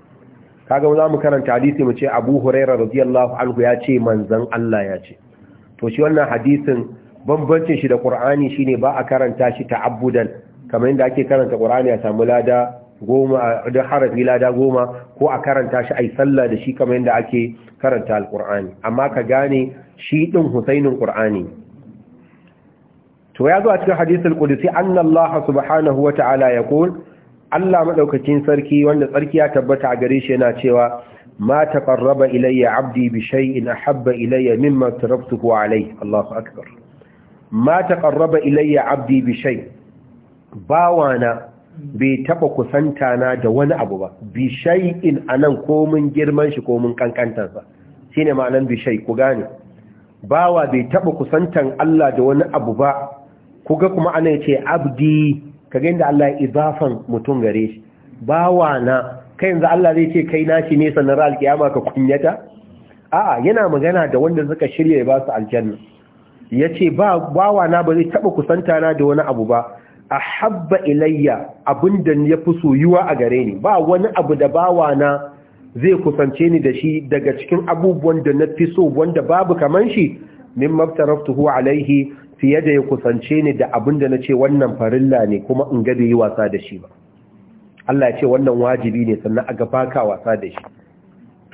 kaga za mu karanta hadisi mu ce Abu Hurairah radiyallahu anhu ya ce manzon Allah ya ce to shi wannan hadisin bambancin shi da Qur'ani shine ba a karanta shi ta'abudan kamar yadda ake karanta qur'ani a samu lada goma da harafi lada goma ko a karanta shi ai sallah da shi kamar yadda ake karanta alqur'ani amma ka gane shi ɗin husainin qur'ani to ya zo a cikin hadisul qudsi anna allah subhanahu ya yaqul allah maɗaukacin sarki wanda sarki ya tabbata a gare shi yana cewa ma taqarraba ilayya abdi bi shay'in ahabba ilayya mimma taraftuhu alayhi allahu akbar ma taqarraba ilayya abdi bi shay'in bawana bai taba kusanta na da wani abu ba bi shay'in anan komin girman shi komin kankantar sa shine ma'anan bi shay ku gane bawa bai taba kusantan Allah da wani abu ba kuga kuma ana yace abdi kaga inda Allah ya izafan mutum gare shi bawa na kai yanzu Allah zai ce kai nashi ne sanar alkiyama ka kunyata a'a yana magana da wanda suka shirya ya ba su aljanna yace ba bawa na ba zai taba kusanta na da wani abu ba A ahabba ilayya abinda ya fi soyuwa a gare ni ba wani abu da bawa na zai kusance ni da shi daga cikin abubuwan da na fi so wanda babu kaman shi min mabtaraftuhu alaihi fiye da ya kusance ni da abinda na ce wannan farilla ne kuma in ga yi wasa da shi ba Allah ya ce wannan wajibi ne sannan a gaba wasa da shi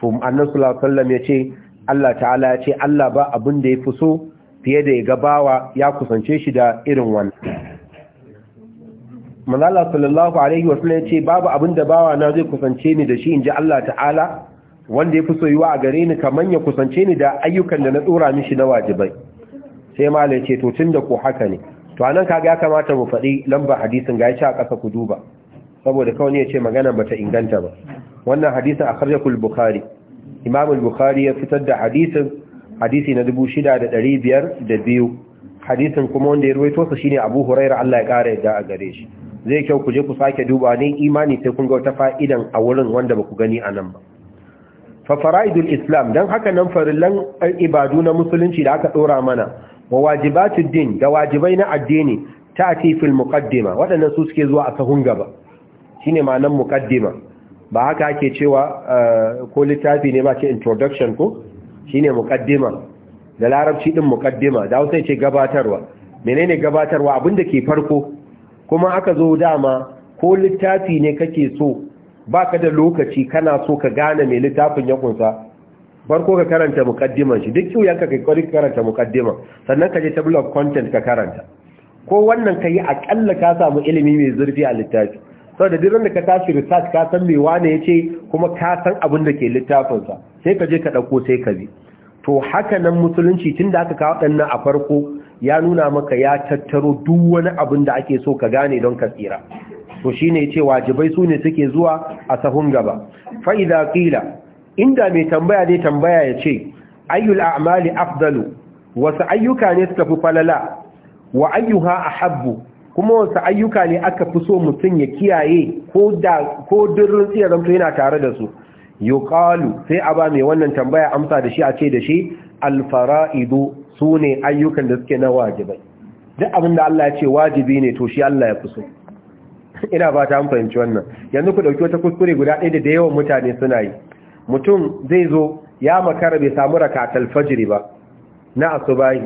to annabi sallallahu alaihi wasallam ya ce Allah ta'ala ya ce Allah ba abinda ya fi so fiye da ya gabawa ya kusance shi da irin wannan mazala sallallahu alaihi wasallam ya ce babu abin da bawa na zai kusance ni da shi in ji Allah ta'ala wanda ya fi soyuwa a gare ni kamar ya kusance ni da ayyukan da na tsora mishi na wajibai sai mala ya ce to tun da ko haka ne to anan kaga ya kamata mu faɗi lamba hadisin ga ya a ƙasa ku duba saboda kawai ne ya ce magana bata inganta ba wannan hadisin a karjakul bukhari imam al-bukhari ya fitar da hadisin hadisi na 6502 hadisin kuma wanda ya ruwaito su shine abu huraira Allah ya ƙara yadda a gare shi zai kyau ku je ku sake duba ne imani sai kun ga wata fa'idan a wurin wanda ba ku gani a nan ba fa fara'idul islam dan haka nan farillan ibadu na musulunci da aka dora mana wa wajibatu din da wajibai na addini ta'ati fil muqaddima wadannan su suke zuwa a sahun gaba shine ma'anar muqaddima ba haka ake cewa eh, ko littafi ne ba ce introduction ko shine muqaddima da larabci din muqaddima da Hausa ce gabatarwa menene gabatarwa abinda ke farko kuma aka zo dama ko littafi ne kake so Ba ka da lokaci kana so ka gane mai littafin ya kunsa farko ka karanta mukaddiman shi duk kiyoyanka ka kwari ka karanta mukaddiman sannan ka je ta blog content ka karanta ko wannan ka yi akalla ka samu ilimi mai zurfi a littafi saboda dirin da ka tashi research ka san me wane ce, kuma ka san abin da ke littafinsa, sai ka je ka ɗauko sai ka bi to haka nan musulunci tun da aka kawo dannan a farko ya nuna maka ya tattaro duk wani abin da ake so ka gane don ka tsira to shine ce wajibai sune suke zuwa a sahun gaba fa idza qila inda mai tambaya zai tambaya ya ce ayyul a'mali afdalu wasu ayyuka ne suka fi falala wa ayyuha ahabbu kuma wasu ayyuka ne aka fi so mutum ya kiyaye ko da ko dirrin zamto yana tare da su yuqalu sai aba mai wannan tambaya amsa da shi a ce da shi al fara'idu su ne ayyukan da suke na wajibai duk abin da Allah ya ce wajibi ne to shi Allah ya fi so ina ba ta fahimci wannan yanzu ku dauki wata kuskure guda ɗaya da da yawan mutane suna yi mutum zai zo ya makara bai samu rakatul fajiri ba na asubahi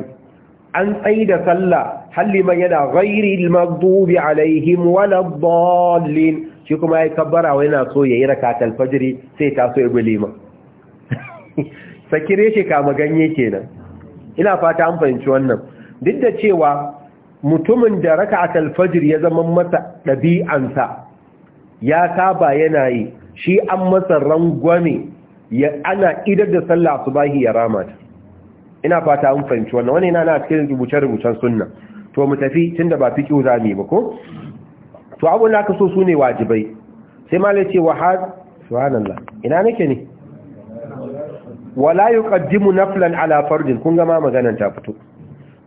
an tsayi da sallah halliman yana ghairi al-maghdubi alaihim wala dallin shi kuma yayi kabbara wa yana so yayi rakatul fajiri sai ta so ya bi sakire shi kama ganye kenan ina fata an fahimci wannan duk da cewa mutumin da raka'at al-fajr ya zama masa ɗabi'ansa ya saba yana yi shi an masa rangwame ya ana idar da sallah subahi ya rama ta ina fata an fahimci wannan wani yana na cikin rubuce-rubucen sunna to mu tafi tunda ba mu yi ba ko to abun da ka so sune wajibai sai malai ce wa subhanallah ina nake ne wala yuqaddimu naflan filan alafardin, kun gama maganan ta fito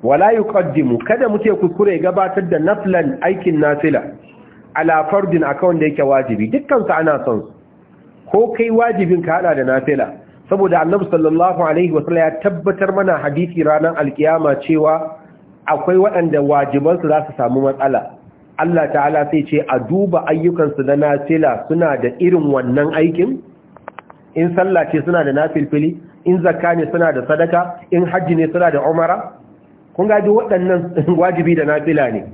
wala yuqaddimu kada muke kuskure gabatar da naflan aikin nafila alafardin a akan da yake wajibi dukkansu ana son ko kai wajibin ka hada da nafila saboda annabu sallallahu alaihi wasallam ya tabbatar mana hadisi ranar alkiyama cewa akwai waɗanda wajibansu za su samu matsala Allah ta'ala sai ce a duba ayyukansu na nafila suna da irin wannan aikin in sallah ce suna da nafilfili in zakka ne suna da sadaka in hajji ne suna da umara kun gaji waɗannan wajibi da nafila ne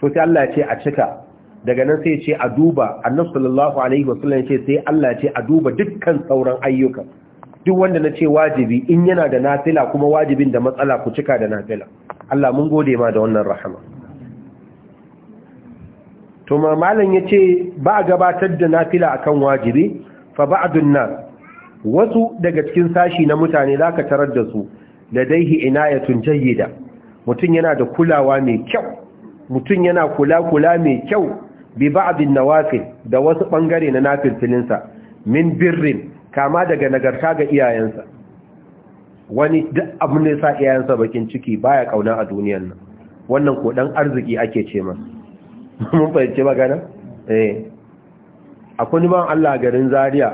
to sai Allah ce a cika daga nan sai ce a duba annabi sallallahu alaihi wasallam ce sai Allah ce a duba dukkan sauran ayyuka duk wanda na ce wajibi in yana da nafila kuma wajibin da matsala ku cika da nafila Allah mun gode ma da wannan rahama to ma malam yace ba a gabatar da nafila akan wajibi fa ba'dun nas wasu daga cikin sashi na mutane zaka tarar da su da ladaihi inayatun jayyida mutun yana da kulawa mai kyau mutun yana kula kula mai kyau bi ba'din nawafil da wasu bangare na nafilfilinsa min birrin kama daga nagarta ga iyayensa wani duk ne sa iyayensa bakin ciki baya kauna a duniyar nan wannan ko dan arziki ake ce masa mun fahimci magana eh akwai ban Allah garin Zariya.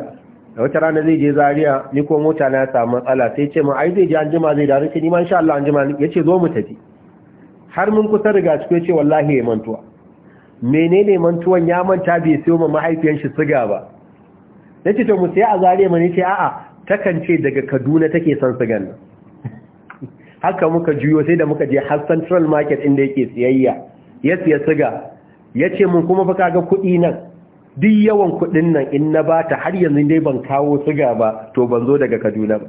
da wata rana zai je Zariya ni ko mota na samu matsala sai ce min ai zai je anjima zai dawo sai ni ma insha Allah anjima yace zo mu tafi har mun kusa riga ciki ce wallahi ya mantuwa menene mantuwan ya manta bai sayo ma mahaifiyar shi siga ba yace to mu sai a Zariya mu ne ce a'a ta ce daga Kaduna take son sigan nan haka muka juyo sai da muka je har Central Market inda yake siyayya ya siya siga yace mun kuma fa kaga kuɗi nan duk yawan kuɗin nan in na bata har yanzu dai ban kawo siga ba to ban zo daga kaduna ba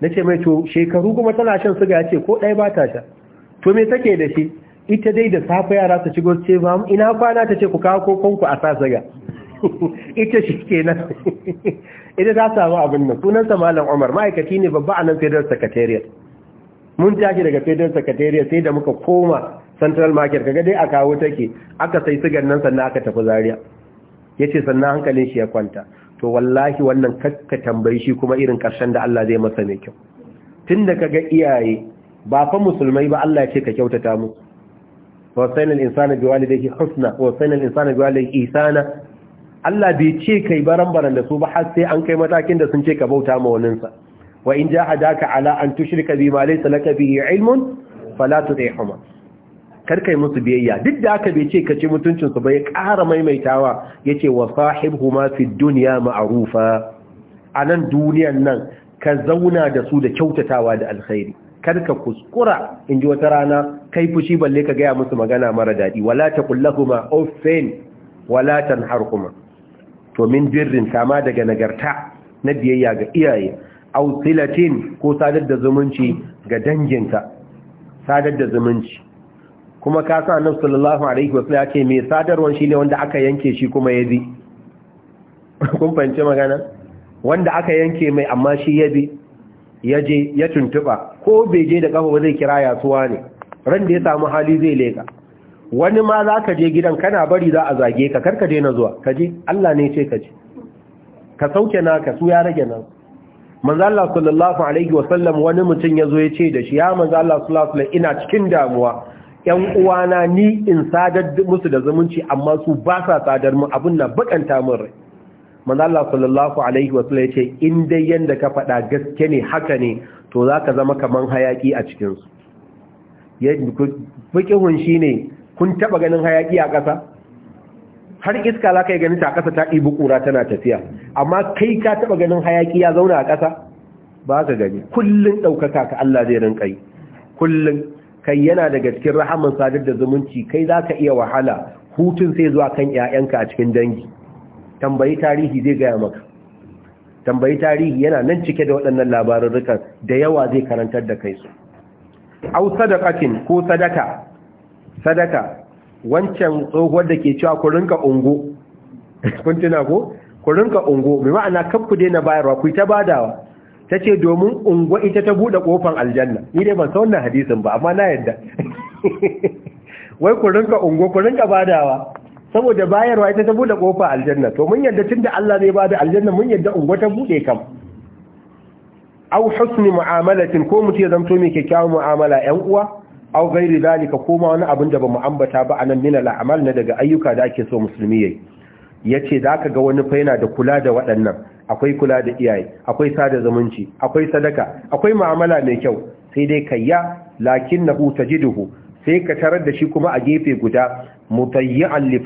na ce mai to shekaru kuma tana shan siga ce ko ɗaya bata sha to me take da shi ita dai da safa yara ta shigo ce ba ina kwana ta ce ku kawo kokonku a sa ita shi kenan ita ta samu abin nan sunansa malam umar ma'aikaci ne babba a nan federal secretariat mun tashi daga fedar sakatariya sai da muka koma central market kaga dai a kawo take aka sai sigar nan sannan aka tafi zaria yace sannan hankalin shi ya kwanta to wallahi wannan kakka tambayi shi kuma irin karshen da Allah zai masa mai kyau tunda kaga iyaye ba fa musulmai ba Allah ya ce ka kyautata musu wasaina al-insana biwalidayhi husna wasaina al-insana biwalidayhi ihsana Allah bai ce kai baran-baran da su ba har sai an kai matakin da sun ce ka bauta ma sa wa in jahadaka ala an tushrika ma laysa laka bihi ilmun fala tutihuma kar yi musu biyayya duk da aka bai ce ka ce mutuncin su ba ya ƙara maimaitawa yace wa huma fi ma'arufa a nan duniyan nan ka zauna da su da kyautatawa da alkhairi kar ka kuskura in ji wata rana kai fushi balle ka gaya musu magana mara daɗi wala ta kullahuma ofen wala tanharhuma to min birrin kama daga nagarta na biyayya ga iyaye aw ko sadar da zumunci ga danginka sadar da zumunci kuma ka sa annabi sallallahu alaihi wasallam ya ce mai Sadarwar shi ne wanda aka yanke shi kuma ya bi kun fahimci magana wanda aka yanke mai amma shi ya bi ya je ya tuntuba ko bai je da kafa ba zai kira yasuwa ne ran da ya samu hali zai leka wani ma za ka je gidan kana bari za a zage ka karka je na zuwa ka je Allah ne ce ka je ka sauke na ka su ya rage nan manzo Allah sallallahu alaihi wasallam wani mutum ya zo ya ce da shi ya manzo Allah sallallahu alaihi wasallam ina cikin damuwa ‘yan uwana ni in sadar musu da zumunci amma su ba sa sadar mu abin na bakanta min rai Allah sallallahu alaihi Wasu ya ce in dai yanda ka faɗa gaske ne haka ne to za ka zama kaman hayaki a cikinsu fikihun shi ne kun taɓa ganin hayaki a ƙasa har iska za ka ganin ta ƙasa ta ɗibi ƙura tana tafiya amma kai ka taɓa ganin hayaƙi ya zauna a ƙasa ba ka gani kullum ɗaukaka ka Allah zai rinƙai kullum kai yana daga cikin rahaman sadar da zumunci kai za ka iya wahala hutun sai zuwa kan 'ya'yanka a cikin dangi tambayi tarihi zai gaya maka tambayi tarihi yana nan cike da waɗannan labarurrukan da yawa zai karantar da kai su au sadaqatin ko sadaka sadaka wancan tsohuwar da ke cewa ku rinka ungo kun tuna ko ku rinka ungo bi ma'ana kan ku daina bayarwa ku ta badawa ta ce domin unguwa ita ta buɗe ƙofan aljanna ni dai ban wannan hadisin ba amma na yadda wai ku rinka unguwa ku rinka badawa saboda bayarwa ita ta buɗe ƙofa aljanna to mun yadda tunda Allah zai bada aljanna mun yadda unguwa ta buɗe kam aw husni mu'amalatin ko mutum ya zamto mai kyakkyawan mu'amala yan uwa aw ghairi zalika ko ma wani abin da bamu ambata ba anan min al'amal na daga ayyuka da ake so musulmi yayi yace zaka ga wani fa yana da kula da waɗannan akwai kula da iyaye akwai sada zumunci akwai sadaka akwai mu'amala mai kyau sai dai kayya lakinnahu tajiduhu sai ka tarar da shi kuma a gefe guda mutayyi'an li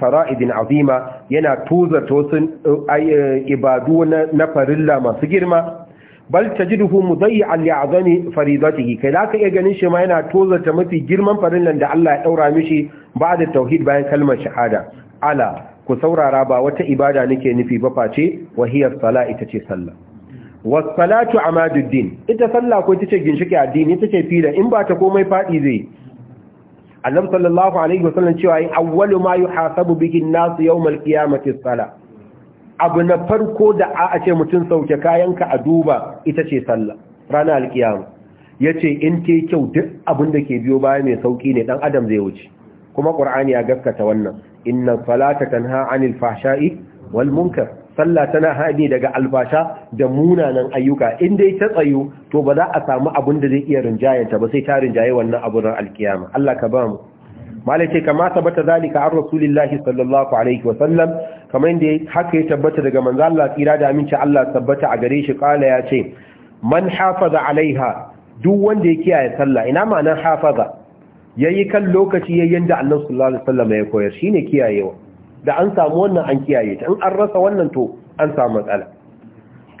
fara'idin azima yana to sun eh, eh, ibadu na farilla masu girma bal tajiduhu mudayyi'an li azami faridatihi kai zaka iya ganin shi ma yana tozarta mafi girman farillan da Allah ya daura mishi ba da tauhid bayan kalmar shahada ala ku saurara ba wata ibada nake nufi ba face wahiyar sala ita ce sallah wassalatu amaduddin ita sallah ko ita ce ginshiki addini ita ce fida in ba ta komai fadi zai annab sallallahu alaihi wasallam cewa ai awwalu ma yuhasabu bihi an-nas yawm al-qiyamati as abu na farko da a ce mutum sauke kayanka a duba ita ce sallah ranar al qiyam yace in te kyau duk abinda ke biyo baya mai sauki ne dan adam zai wuce kuma qur'ani ya gaskata wannan inna salata tanha anil fahsha'i wal munkar sallah tana haɗe daga albasha da munanan ayyuka in dai ta tsayu to ba za a samu abin da zai iya rinjayanta ba sai ta rinjaye wannan abun ran alkiyama Allah ka ba mu malaka kama tabbata zalika an rasulillahi sallallahu alaihi wa sallam kamar da haka ya tabbata daga manzo Allah tsira da aminci Allah tabbata a gare shi kala ya ce man hafaza alaiha duk wanda ya kiyaye sallah ina ma'anar hafaza yayi kan lokaci yayin da annabi sallallahu alaihi wasallam ya koyar shine kiyayewa da an samu wannan an kiyaye ta in an rasa wannan to an samu matsala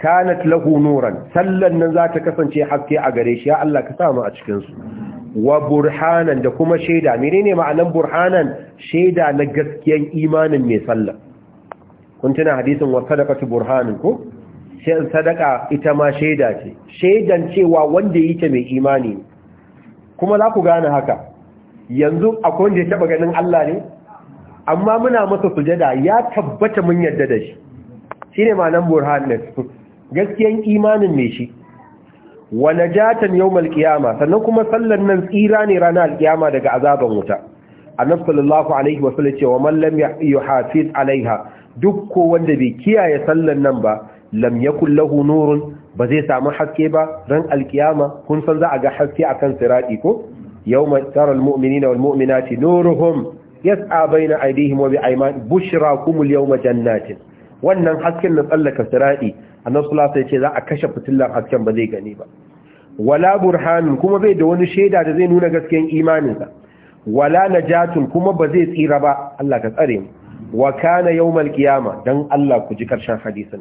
kanat lahu nuran sallan nan za ta kasance haske a gare shi ya Allah ka samu a cikin su wa burhanan da kuma shaida menene ma'anan burhanan shaida na gaskiyan imanin mai sallah kun tuna hadisin wa sadaqatu burhanin ko sai sadaka ita ma shaida ce shaidan cewa wanda yake mai imani kuma za ku gane haka yanzu akwai wanda ya taba ganin Allah ne amma muna masa sujada ya tabbata mun yarda da shi shine ma'anar burhan gaskiyan imanin me shi wa najatan yawmal qiyama sannan kuma sallan nan tsira ne ranar alkiyama daga azaban wuta annabi sallallahu alaihi wa sallam wa man lam yuhafiz alaiha duk ko wanda bai kiyaye sallan nan ba lam yakul lahu nurun ba zai samu haske ba ran alkiyama kun san za a ga haske akan sirati ko yawma taral mu'minina wal mu'minati nuruhum yas'a baina aydihim wa bi'ayman bushrakum wannan hasken na tsallaka siradi annabi sallallahu alaihi wasallam ya ce za a kashe fitilar hasken ba zai gani ba wala burhanun kuma bai da wani shaida da zai nuna imanin imaninsa wala najatun kuma ba zai tsira ba Allah ka tsare mu wa kana yawmal qiyama dan Allah ku ji karshen hadisin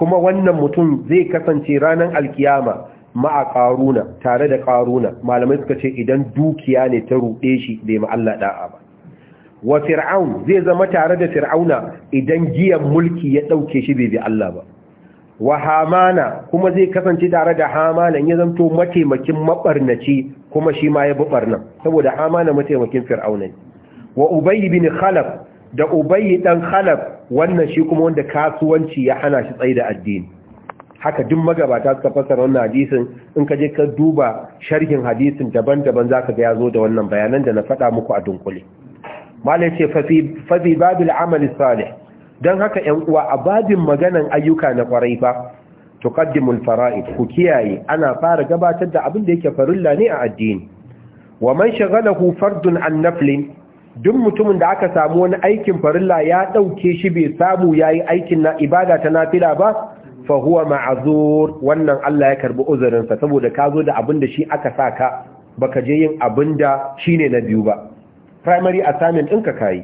kuma wannan mutum zai kasance ranar alkiyama ma'a ƙaruna tare da ƙaruna malamai suka ce idan dukiya ne ta ruɗe shi bai ma Allah da'a ba wa fir'aun zai zama tare da fir'auna idan giyan mulki ya ɗauke shi bai bi Allah ba wa hamana kuma zai kasance tare da hamana ya zanto mataimakin mabarnaci kuma shi ma ya bi barnan saboda hamana mataimakin fir'auna ne wa ubayi bin khalaf da ubayi ɗan khalaf wannan shi kuma wanda kasuwanci ya hana shi tsaye da addini haka duk magabata suka fasa wannan hadisin in ka je ka duba sharhin hadisin daban-daban zaka ga yazo da wannan bayanan da na faɗa muku a dunkule malai ce fa fi babil amali salih dan haka 'yan uwa a babin maganan ayyuka na kwarai fa tuqaddimul fara'id ku kiyaye ana fara gabatar da abin da yake farilla ne a addini wa man shaghalahu fardun an naflin duk mutumin da aka samu wani aikin farilla ya dauke shi bai samu yayi aikin na ibada ta nafila ba fa huwa wannan Allah ya karbi uzurinsa saboda ka zo da abin da shi aka sa saka baka je yin abin da shine na biyu ba primary assignment ka kayi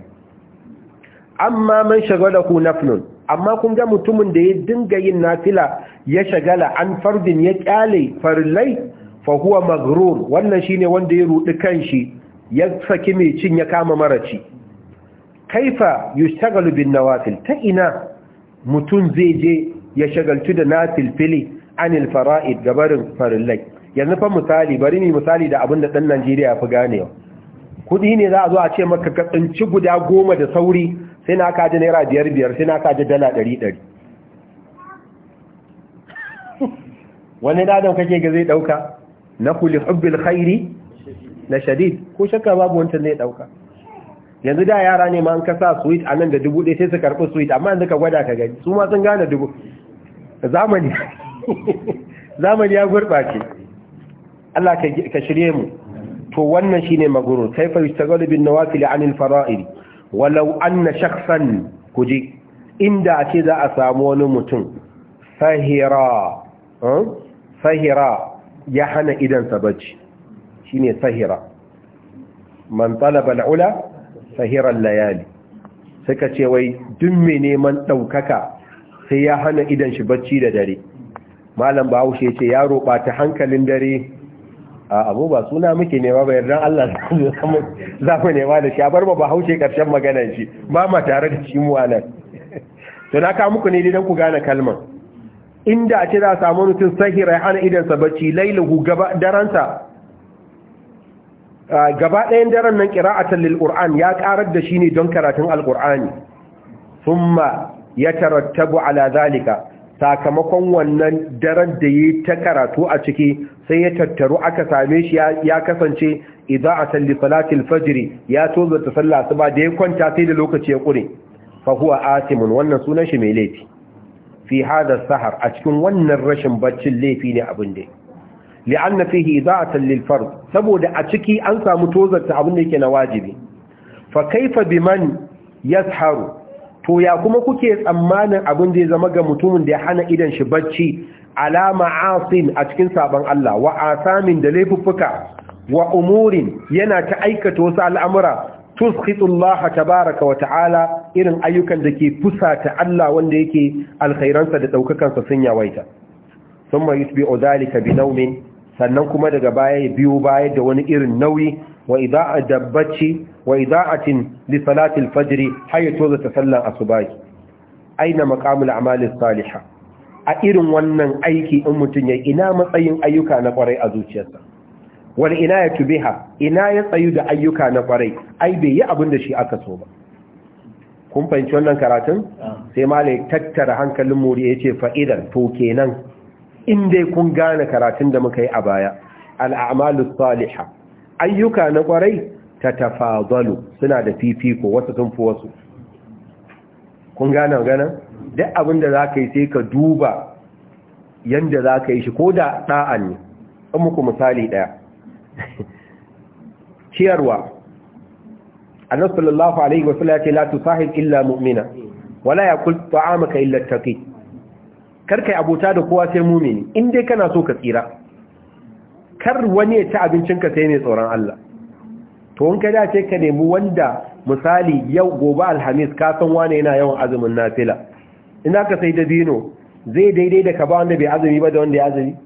amma man shagalahu nafnun amma kun ga mutumin da ya dinga yin nafila ya shagala an fardin ya kyale farillai fa huwa maghrur wannan shine wanda ya rudi shi ya saki mai cin ya kama maraci kaifa yushtagalu bin nawafil ta ina mutum zai je ya shagaltu da Fili, anil fara'id gabarin farillai yanzu fa misali bari ni misali da abin da ɗan Najeriya fi ganewa kudi ne za a zo a ce maka ka tsinci guda goma da sauri sai na kaji naira biyar biyar sai na kaji dala ɗari ɗari wani dadan kake ga zai ɗauka na kuli hubbil khairi na shadid ko shakka babu wancan zai ɗauka yanzu da yara ne ma an kasa sweet a nan da dubu ɗaya sai su karɓi sweet amma yanzu ka gwada ka gani su ma sun gane dubu zamani zamani ya gurɓace Allah ka shirye mu to wannan shine magurur kaifa yastaghalu bin nawafil anil fara'id walau anna shakhsan kuji inda ake za a samu wani mutum sahira sahira eh, ya hana idan bacci shine sahira man talaba al'ula layali suka ce wai duk mai neman daukaka sai ya hana idan shi bacci da dare malam bahaushe ya ce yaro ta hankalin dare a abu ba suna muke nema ba ran Allah za mu nema da shi a bar ba bahaushe karshen maganar shi ba ma tare da shi mu anan to na ka muku ne didan ku gane kalmar inda a ce za a samu mutum sahira ya hana idan sa bacci lailahu gaba daransa gaba ɗayan daren nan ƙira'atan lil ya ƙarar da shi ne don karatun alƙur'ani summa ya tarattabu ala zalika sakamakon wannan daren da yi ta karatu a ciki sai ya tattaru aka same shi ya kasance idan a salli salatul fajiri ya tozo ta su ba da ya kwanta sai da lokaci ya kure fa huwa asimun wannan sunan shi mai laifi fi hada sahar a cikin wannan rashin baccin laifi ne abin da li'anna fihi ida'atan lil saboda a ciki an samu tozarta abin da yake na wajibi fa kaifa biman yasharu to ya kuma kuke tsammanin abin da ya zama ga mutumin da ya hana idan shi bacci alama asin a cikin sabon Allah wa asamin da laifuffuka wa umurin yana ta aikata wasu al'amura tuskitullaha tabaraka wa ta'ala irin ayyukan da ke fusata Allah wanda yake alkhairansa da ɗaukakansa sun yawaita sun Yusufi yusbi bi naumin sannan kuma daga baya ya biyo baya da wani irin nauyi wa idan a Wai wa ida'atin li salati al-fajr hayyato za ta sallan asubahi aina maqamul a'mali salihah a irin wannan aiki in mutum ya ina matsayin ayyuka na kwarai a zuciyarsa wal ina ya tubiha ina ya tsayu da ayyuka na kwarai ai bai yi abin da shi aka so ba kun fahimci wannan karatun sai malai tattara hankalin muri ya ce fa'idar, to kenan in dai kun gane karatun da muka yi a baya al'amalu saliha ayyuka na kwarai tatafadalu suna da fifiko wasu sun fi wasu kun gane magana duk abin da za ka yi sai ka duba yadda za ka yi shi ko da ɗa'an ne in muku misali ɗaya ciyarwa annabi sallallahu alaihi wa sallam ya ce la illa mu'mina wala yakul ta'amaka illa taqi yi abota da kowa sai mu'mini in dai kana so ka tsira kar wani ya ci abincinka sai mai tsoron Allah to wanka da ce ka nemi wanda misali yau gobe alhamis ka san wane yana yawan azumin nafila in aka sai da dino zai daidai da ka ba wanda bai azumi ba da wanda ya azumi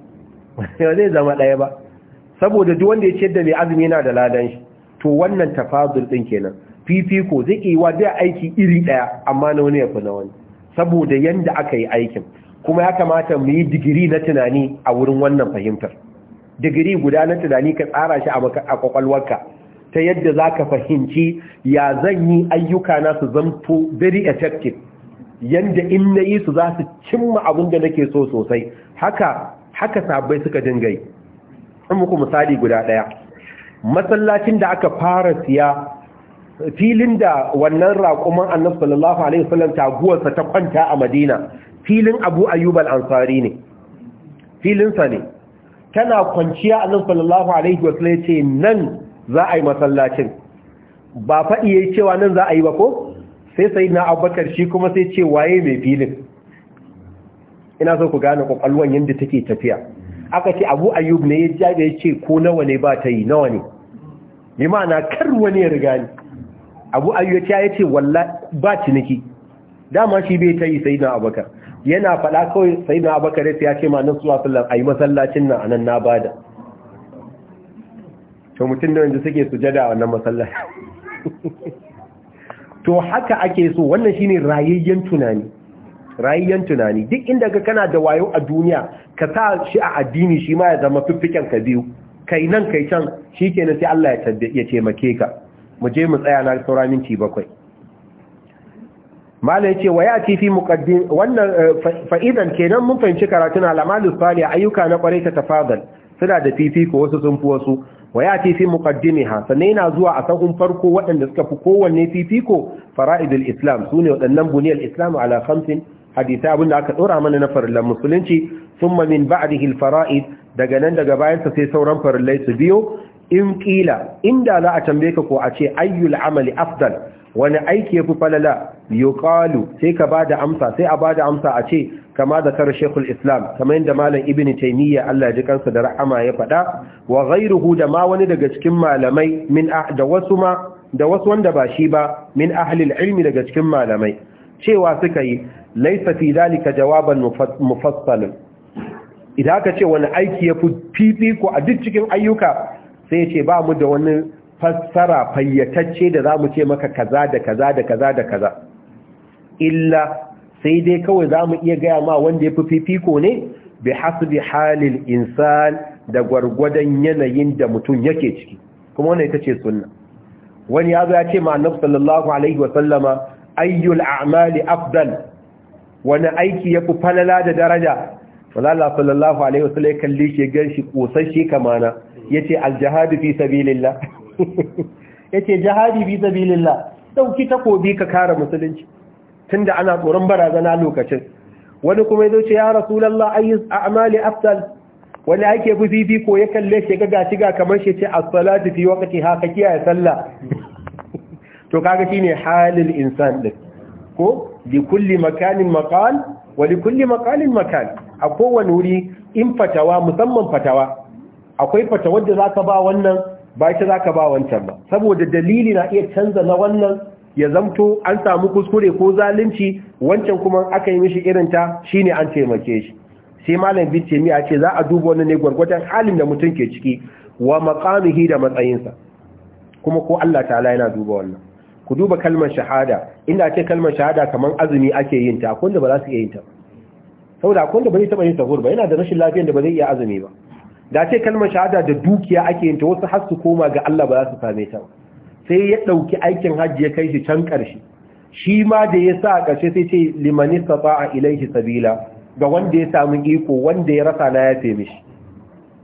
ba zai zama ɗaya ba saboda duk wanda ya ce da mai azumi yana da ladan shi to wannan tafadul din kenan fifiko zai yi wa da aiki iri ɗaya amma na wani ya na wani saboda yanda aka yi aikin kuma ya kamata mu yi digiri na tunani a wurin wannan fahimtar digiri guda na tunani ka tsara shi a kwakwalwarka ta yadda za ka fahimci ya zan yi ayyuka na su very effective yadda in na yi su za su cimma abin da nake so sosai haka haka sabai suka dinga yi muku misali guda ɗaya masallacin da aka fara siya filin da wannan raƙuman annabi sallallahu alaihi wasallam taguwarsa ta kwanta a madina filin abu ayyub al-ansari ne filinsa ne tana kwanciya annabi sallallahu alaihi wasallam ce nan za a yi masallacin ba faɗi ya yi cewa nan za a yi ba ko sai sai na abubakar shi kuma sai ce waye mai filin ina so ku gane kwakwalwan yadda take tafiya aka ce abu ayyub ne ya jaɗe ya ce ko nawa ne ba ta yi nawa ne yi ma'ana kar wani ya riga ni abu ayyub ya ce walla ba ciniki dama shi bai ta yi sai na abubakar yana faɗa kawai sai na abubakar ya ce ma nan suwa sallar a yi masallacin nan a nan na bada to mutum da yanzu suke sujada a wannan masallaci to haka ake so wannan shi ne rayayyen tunani rayayyen tunani duk inda ka kana da wayo a duniya ka sa shi a addini shi ma ya zama fiffiken ka biyu kai nan kai can shi shikenan sai Allah ya taimake ka mu je mu tsaya na saura minti bakwai mala yace wa yati fi muqaddim wannan eh, fa'idan kenan mun fahimci karatun alamalu salih ayyuka na kwarai ta tafadal suna da fifiko wasu sun fi wasu wa yati fi muqaddimiha sannan yana zuwa a sahun farko waɗanda suka fi kowanne fifiko fara'idul islam sune waɗannan Buniyar islam ala khamsin hadisa abin da aka dora mana na farillan musulunci thumma min ba'dihi al fara'id daga nan daga bayansa sai sauran farillai su biyo in kila inda za a tambaye ka ko a ce ayyul amali afdal wani aiki yafi falala yuqalu sai ka bada amsa sai a ba da amsa a ce kama da kar shekul islam kama yadda malam ibn taimiyya Allah ji kansa da rahama ya faɗa wa ghairuhu da ma wani daga cikin malamai min da wasu ma da wasu wanda ba shi ba min ahlil ilmi daga cikin malamai cewa suka yi laisa fi dalika jawaban mufassalin idan ka ce wani aiki ya fi fifiko a duk cikin ayyuka sai ya ce ba mu da wani fassara fayyatacce da za mu ce maka kaza da kaza da kaza da kaza illa sai dai kawai za mu iya gaya ma wanda ya fi fifiko ne bi hasbi halin, insan da gwargwadon yanayin da mutum yake ciki kuma wannan ita ce sunna wani ya zo ya ce ma annabi sallallahu alaihi wa sallama ayyul a'mali afdal wani aiki ya fi falala da daraja Allah sallallahu alaihi wa sallam ya kalli shi gan shi kosashe kamana yace aljihadu fi sabilillah yace jihadi fi sabilillah dauki takobi ka kare musulunci tunda ana tsoron barazana lokacin wani kuma ya ce ya a yi a'mali afdal wani ake bibibi ko ya kalle shi ga gashi ga kamar shi ce as-salatu fi waqtiha ka kiyaye sallah to kaga shine halil insan din ko di kulli makanin maqal wa li kulli maqalin makan a kowane wuri in fatawa musamman fatawa akwai fatawar da zaka ba wannan ba ita zaka ba wancan ba saboda dalili na iya canza na wannan ya zamto an samu kuskure ko zalunci wancan kuma aka yi mishi irinta shine an taimake shi sai malam bin taimiya ce za a duba wani ne gwargwatan halin da mutum ke ciki wa maqamihi da matsayinsa kuma ko Allah ta'ala yana duba wannan ku duba kalmar shahada inda ake kalmar shahada kamar azumi ake yin ta akwai da ba za su iya yin ta saboda akwai da ba zai taba yin sahur ba yana da rashin lafiyar da ba zai iya azumi ba da ce kalmar shahada da dukiya ake yin ta wasu har su koma ga Allah ba za su same ta ba sai ya ɗauki aikin hajji ya kai shi can ƙarshe shi ma da ya sa a ƙarshe sai ce limani ba a ilaihi sabila ga wanda ya samu iko wanda ya rasa na ya fi mishi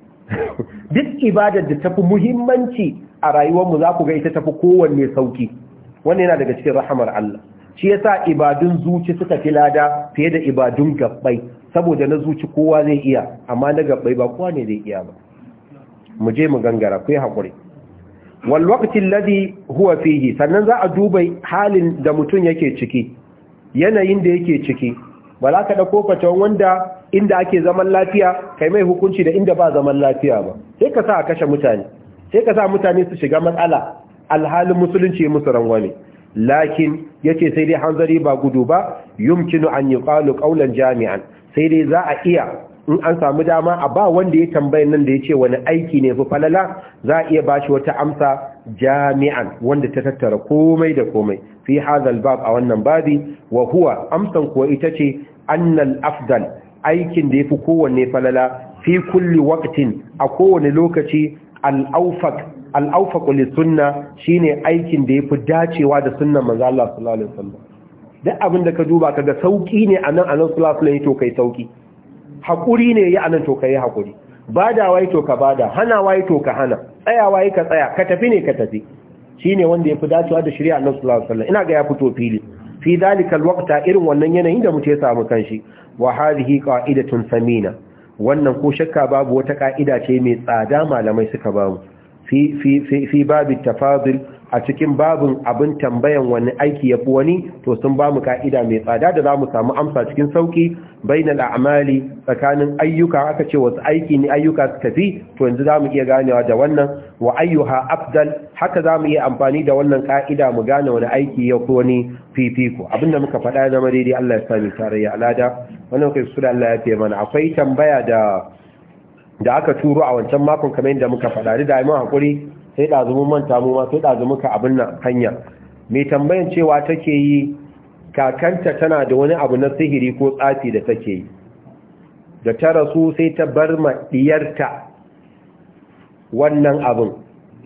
duk ibadar da tafi muhimmanci a rayuwarmu za ku ga ita tafi kowanne sauki wanda yana daga cikin rahamar Allah shi ya sa ibadun zuci suka fi lada fiye da ibadun gabbai saboda na zuci kowa zai iya amma na gabbai ba kowa ne zai iya ba mu je mu gangara ku yi haƙuri wal Ladi ladhi huwa fihi sannan za a duba halin da mutum yake ciki yanayin da yake ciki ba za ka dauko wanda inda ake zaman lafiya kai mai hukunci da inda ba zaman lafiya ba sai ka sa a kashe mutane sai ka sa mutane su shiga matsala alhalin musulunci musu rangwame lakin yace sai dai hanzari ba gudu ba yumkinu an yuqalu ƙaunar jami'an sai dai za a iya in an samu dama a ba wanda ya tambayin nan da ya ce wani aiki ne fi falala za a iya bashi wata amsa jami'an wanda ta tattara komai da komai fi hazal bab a wannan babi wa huwa amsan kuwa ita ce annal afdal aikin da ya fi kowanne falala fi kulli waqtin a kowane lokaci al-aufaq al-aufaq sunna shine aikin da yafi dacewa da sunnan manzo Allah sallallahu alaihi wasallam duk abin da ka duba kaga sauki ne anan anan sallallahu alaihi to kai sauki haƙuri ne ya anan to ka yi haƙuri bada wai to ka bada hana wai to ka hana tsaya wai ka tsaya ka tafi ne ka tafi ne wanda ya fi dacewa da shirya annabi sallallahu alaihi wasallam ina ga ya fito fili fi dalika alwaqta irin wannan yanayin da muke samu kanshi wa hadhihi qa'idatun samina wannan ko shakka babu wata ka'ida ce mai tsada malamai suka bamu fi fi fi a cikin babin abin tambayan wani aiki ya fi wani to sun ba mu ka'ida mai tsada da za mu samu amsa cikin sauki bainal a'mali tsakanin ayyuka aka ce wasu aiki ne ayyuka su tafi to yanzu za mu iya ganewa da wannan wa ayyuha afdal haka za mu iya amfani da wannan ka'ida mu gane wani aiki ya fi wani fifiko abinda muka faɗa zama daidai Allah ya sami tarayya alada wannan kai su da Allah ya fiye mana akwai tambaya da da aka turo a wancan makon kamar yadda muka faɗa da imam hakuri sai ɗazu mun manta mu ma sai ɗazu muka abin nan hanya mai tambayan cewa take yi kakanta tana da wani abu na sihiri ko tsafi da take yi da ta rasu sai ta bar ma diyarta wannan abin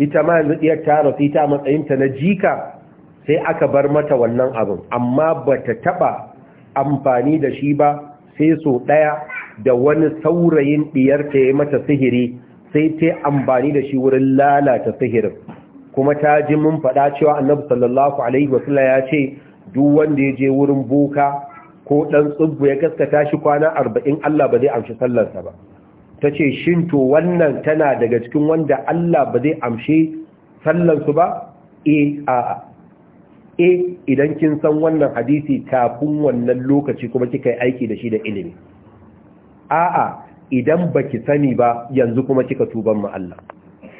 ita ma yanzu diyar ta rasu ita a matsayinta na jika sai aka bar mata wannan abin amma ba ta taɓa amfani da shi ba sai so ɗaya da wani saurayin ɗiyarta ya mata sihiri sai ta amfani da shi wurin lalata sihirin kuma ta ji mun faɗa cewa annabi sallallahu alaihi ya ce duk wanda ya je wurin boka ko dan tsubbu ya ta shi kwana 40 Allah ba zai amshi sallarsa ba tace shin to wannan tana daga cikin wanda Allah ba zai amshi sallarsu ba eh a e idan kin san wannan hadisi kafin wannan lokaci kuma kika yi aiki da shi da ilimi a'a idan baki sani ba yanzu kuma kika tuban mu Allah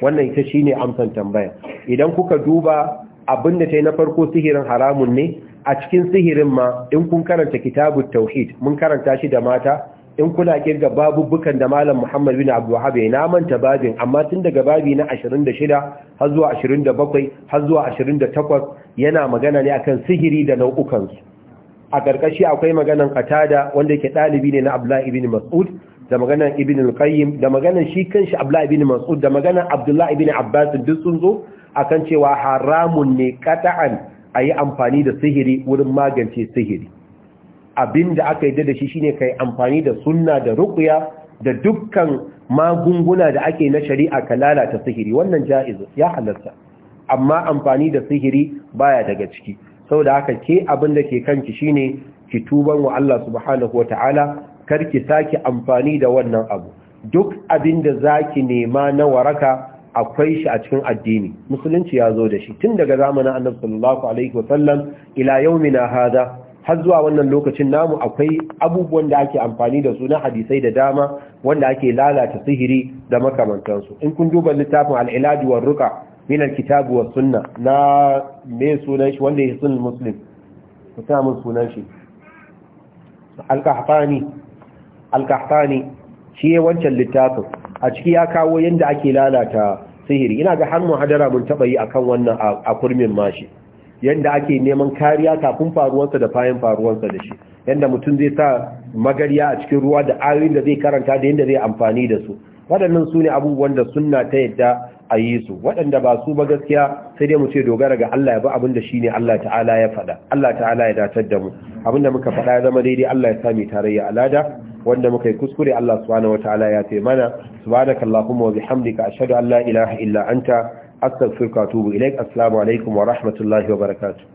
wannan ita shine amsan tambaya idan kuka duba abin abinda tayi na farko sihirin haramun ne a cikin sihirin ma in kun karanta kitabut tauhid mun karanta shi da mata in kula kirga babubukan da malam Muhammad bin Abdul Wahhab ya manta babin amma tun daga babi na 26 har zuwa 27 har zuwa 28 yana magana ne akan sihiri da nau'ukansu. a ƙarƙashi akwai maganan Qatada wanda yake ɗalibi ne na Abdullah ibn Mas'ud da maganar ibn al-qayyim da maganar shi kanshi abdullahi ibn mas'ud da magana abdullahi ibn abbas duk sun zo akan cewa haramun ne qata'an ayi amfani da sihiri wurin magance sihiri abinda aka yadda da shi shine kai amfani da sunna da ruqya da dukkan magunguna da ake na shari'a ka lalata sihiri wannan jaiz ya halarta amma amfani da sihiri baya daga ciki saboda haka ke abin da ke kanki shine ki tuban wa Allah subhanahu wataala karki sake amfani da wannan abu duk abin da zaki nema na waraka akwai shi a cikin addini musulunci ya zo da shi tun daga zamanin annabi sallallahu alaihi wasallam ila yaumina hada har zuwa wannan lokacin namu akwai abubuwan da ake amfani da su na hadisai da dama wanda ake lalata sihiri da makamantansu in kun duba littafin al'iladi wa ruqa min al wa sunna na me sunan shi wanda yake sunan muslim ta mun sunan shi al-qahtani alkahtani shi ya wancan littafin a ciki ya kawo yadda ake lalata sihiri ina ga har muhadara mun taba yi akan wannan a kurmin mashi yadda ake neman kariya kafin faruwarsa da bayan faruwarsa da shi yadda mutum zai sa magariya a cikin ruwa da ayoyin da zai karanta da yadda zai amfani da su waɗannan su ne abubuwan da suna ta yadda a yi su waɗanda ba su ba gaskiya sai dai mu ce dogara ga Allah ya bi abin da shi ne Allah ta'ala ya faɗa Allah ta'ala ya datar da mu abin da muka faɗa ya zama daidai Allah ya sa sami tarayya alada wanda muka yi kuskure Allah subhanahu wataala ya ce mana subhanakallahumma wa bihamdika ashhadu an la ilaha illa anta astaghfiruka wa atubu ilaik assalamu alaikum wa rahmatullahi wa barakatuh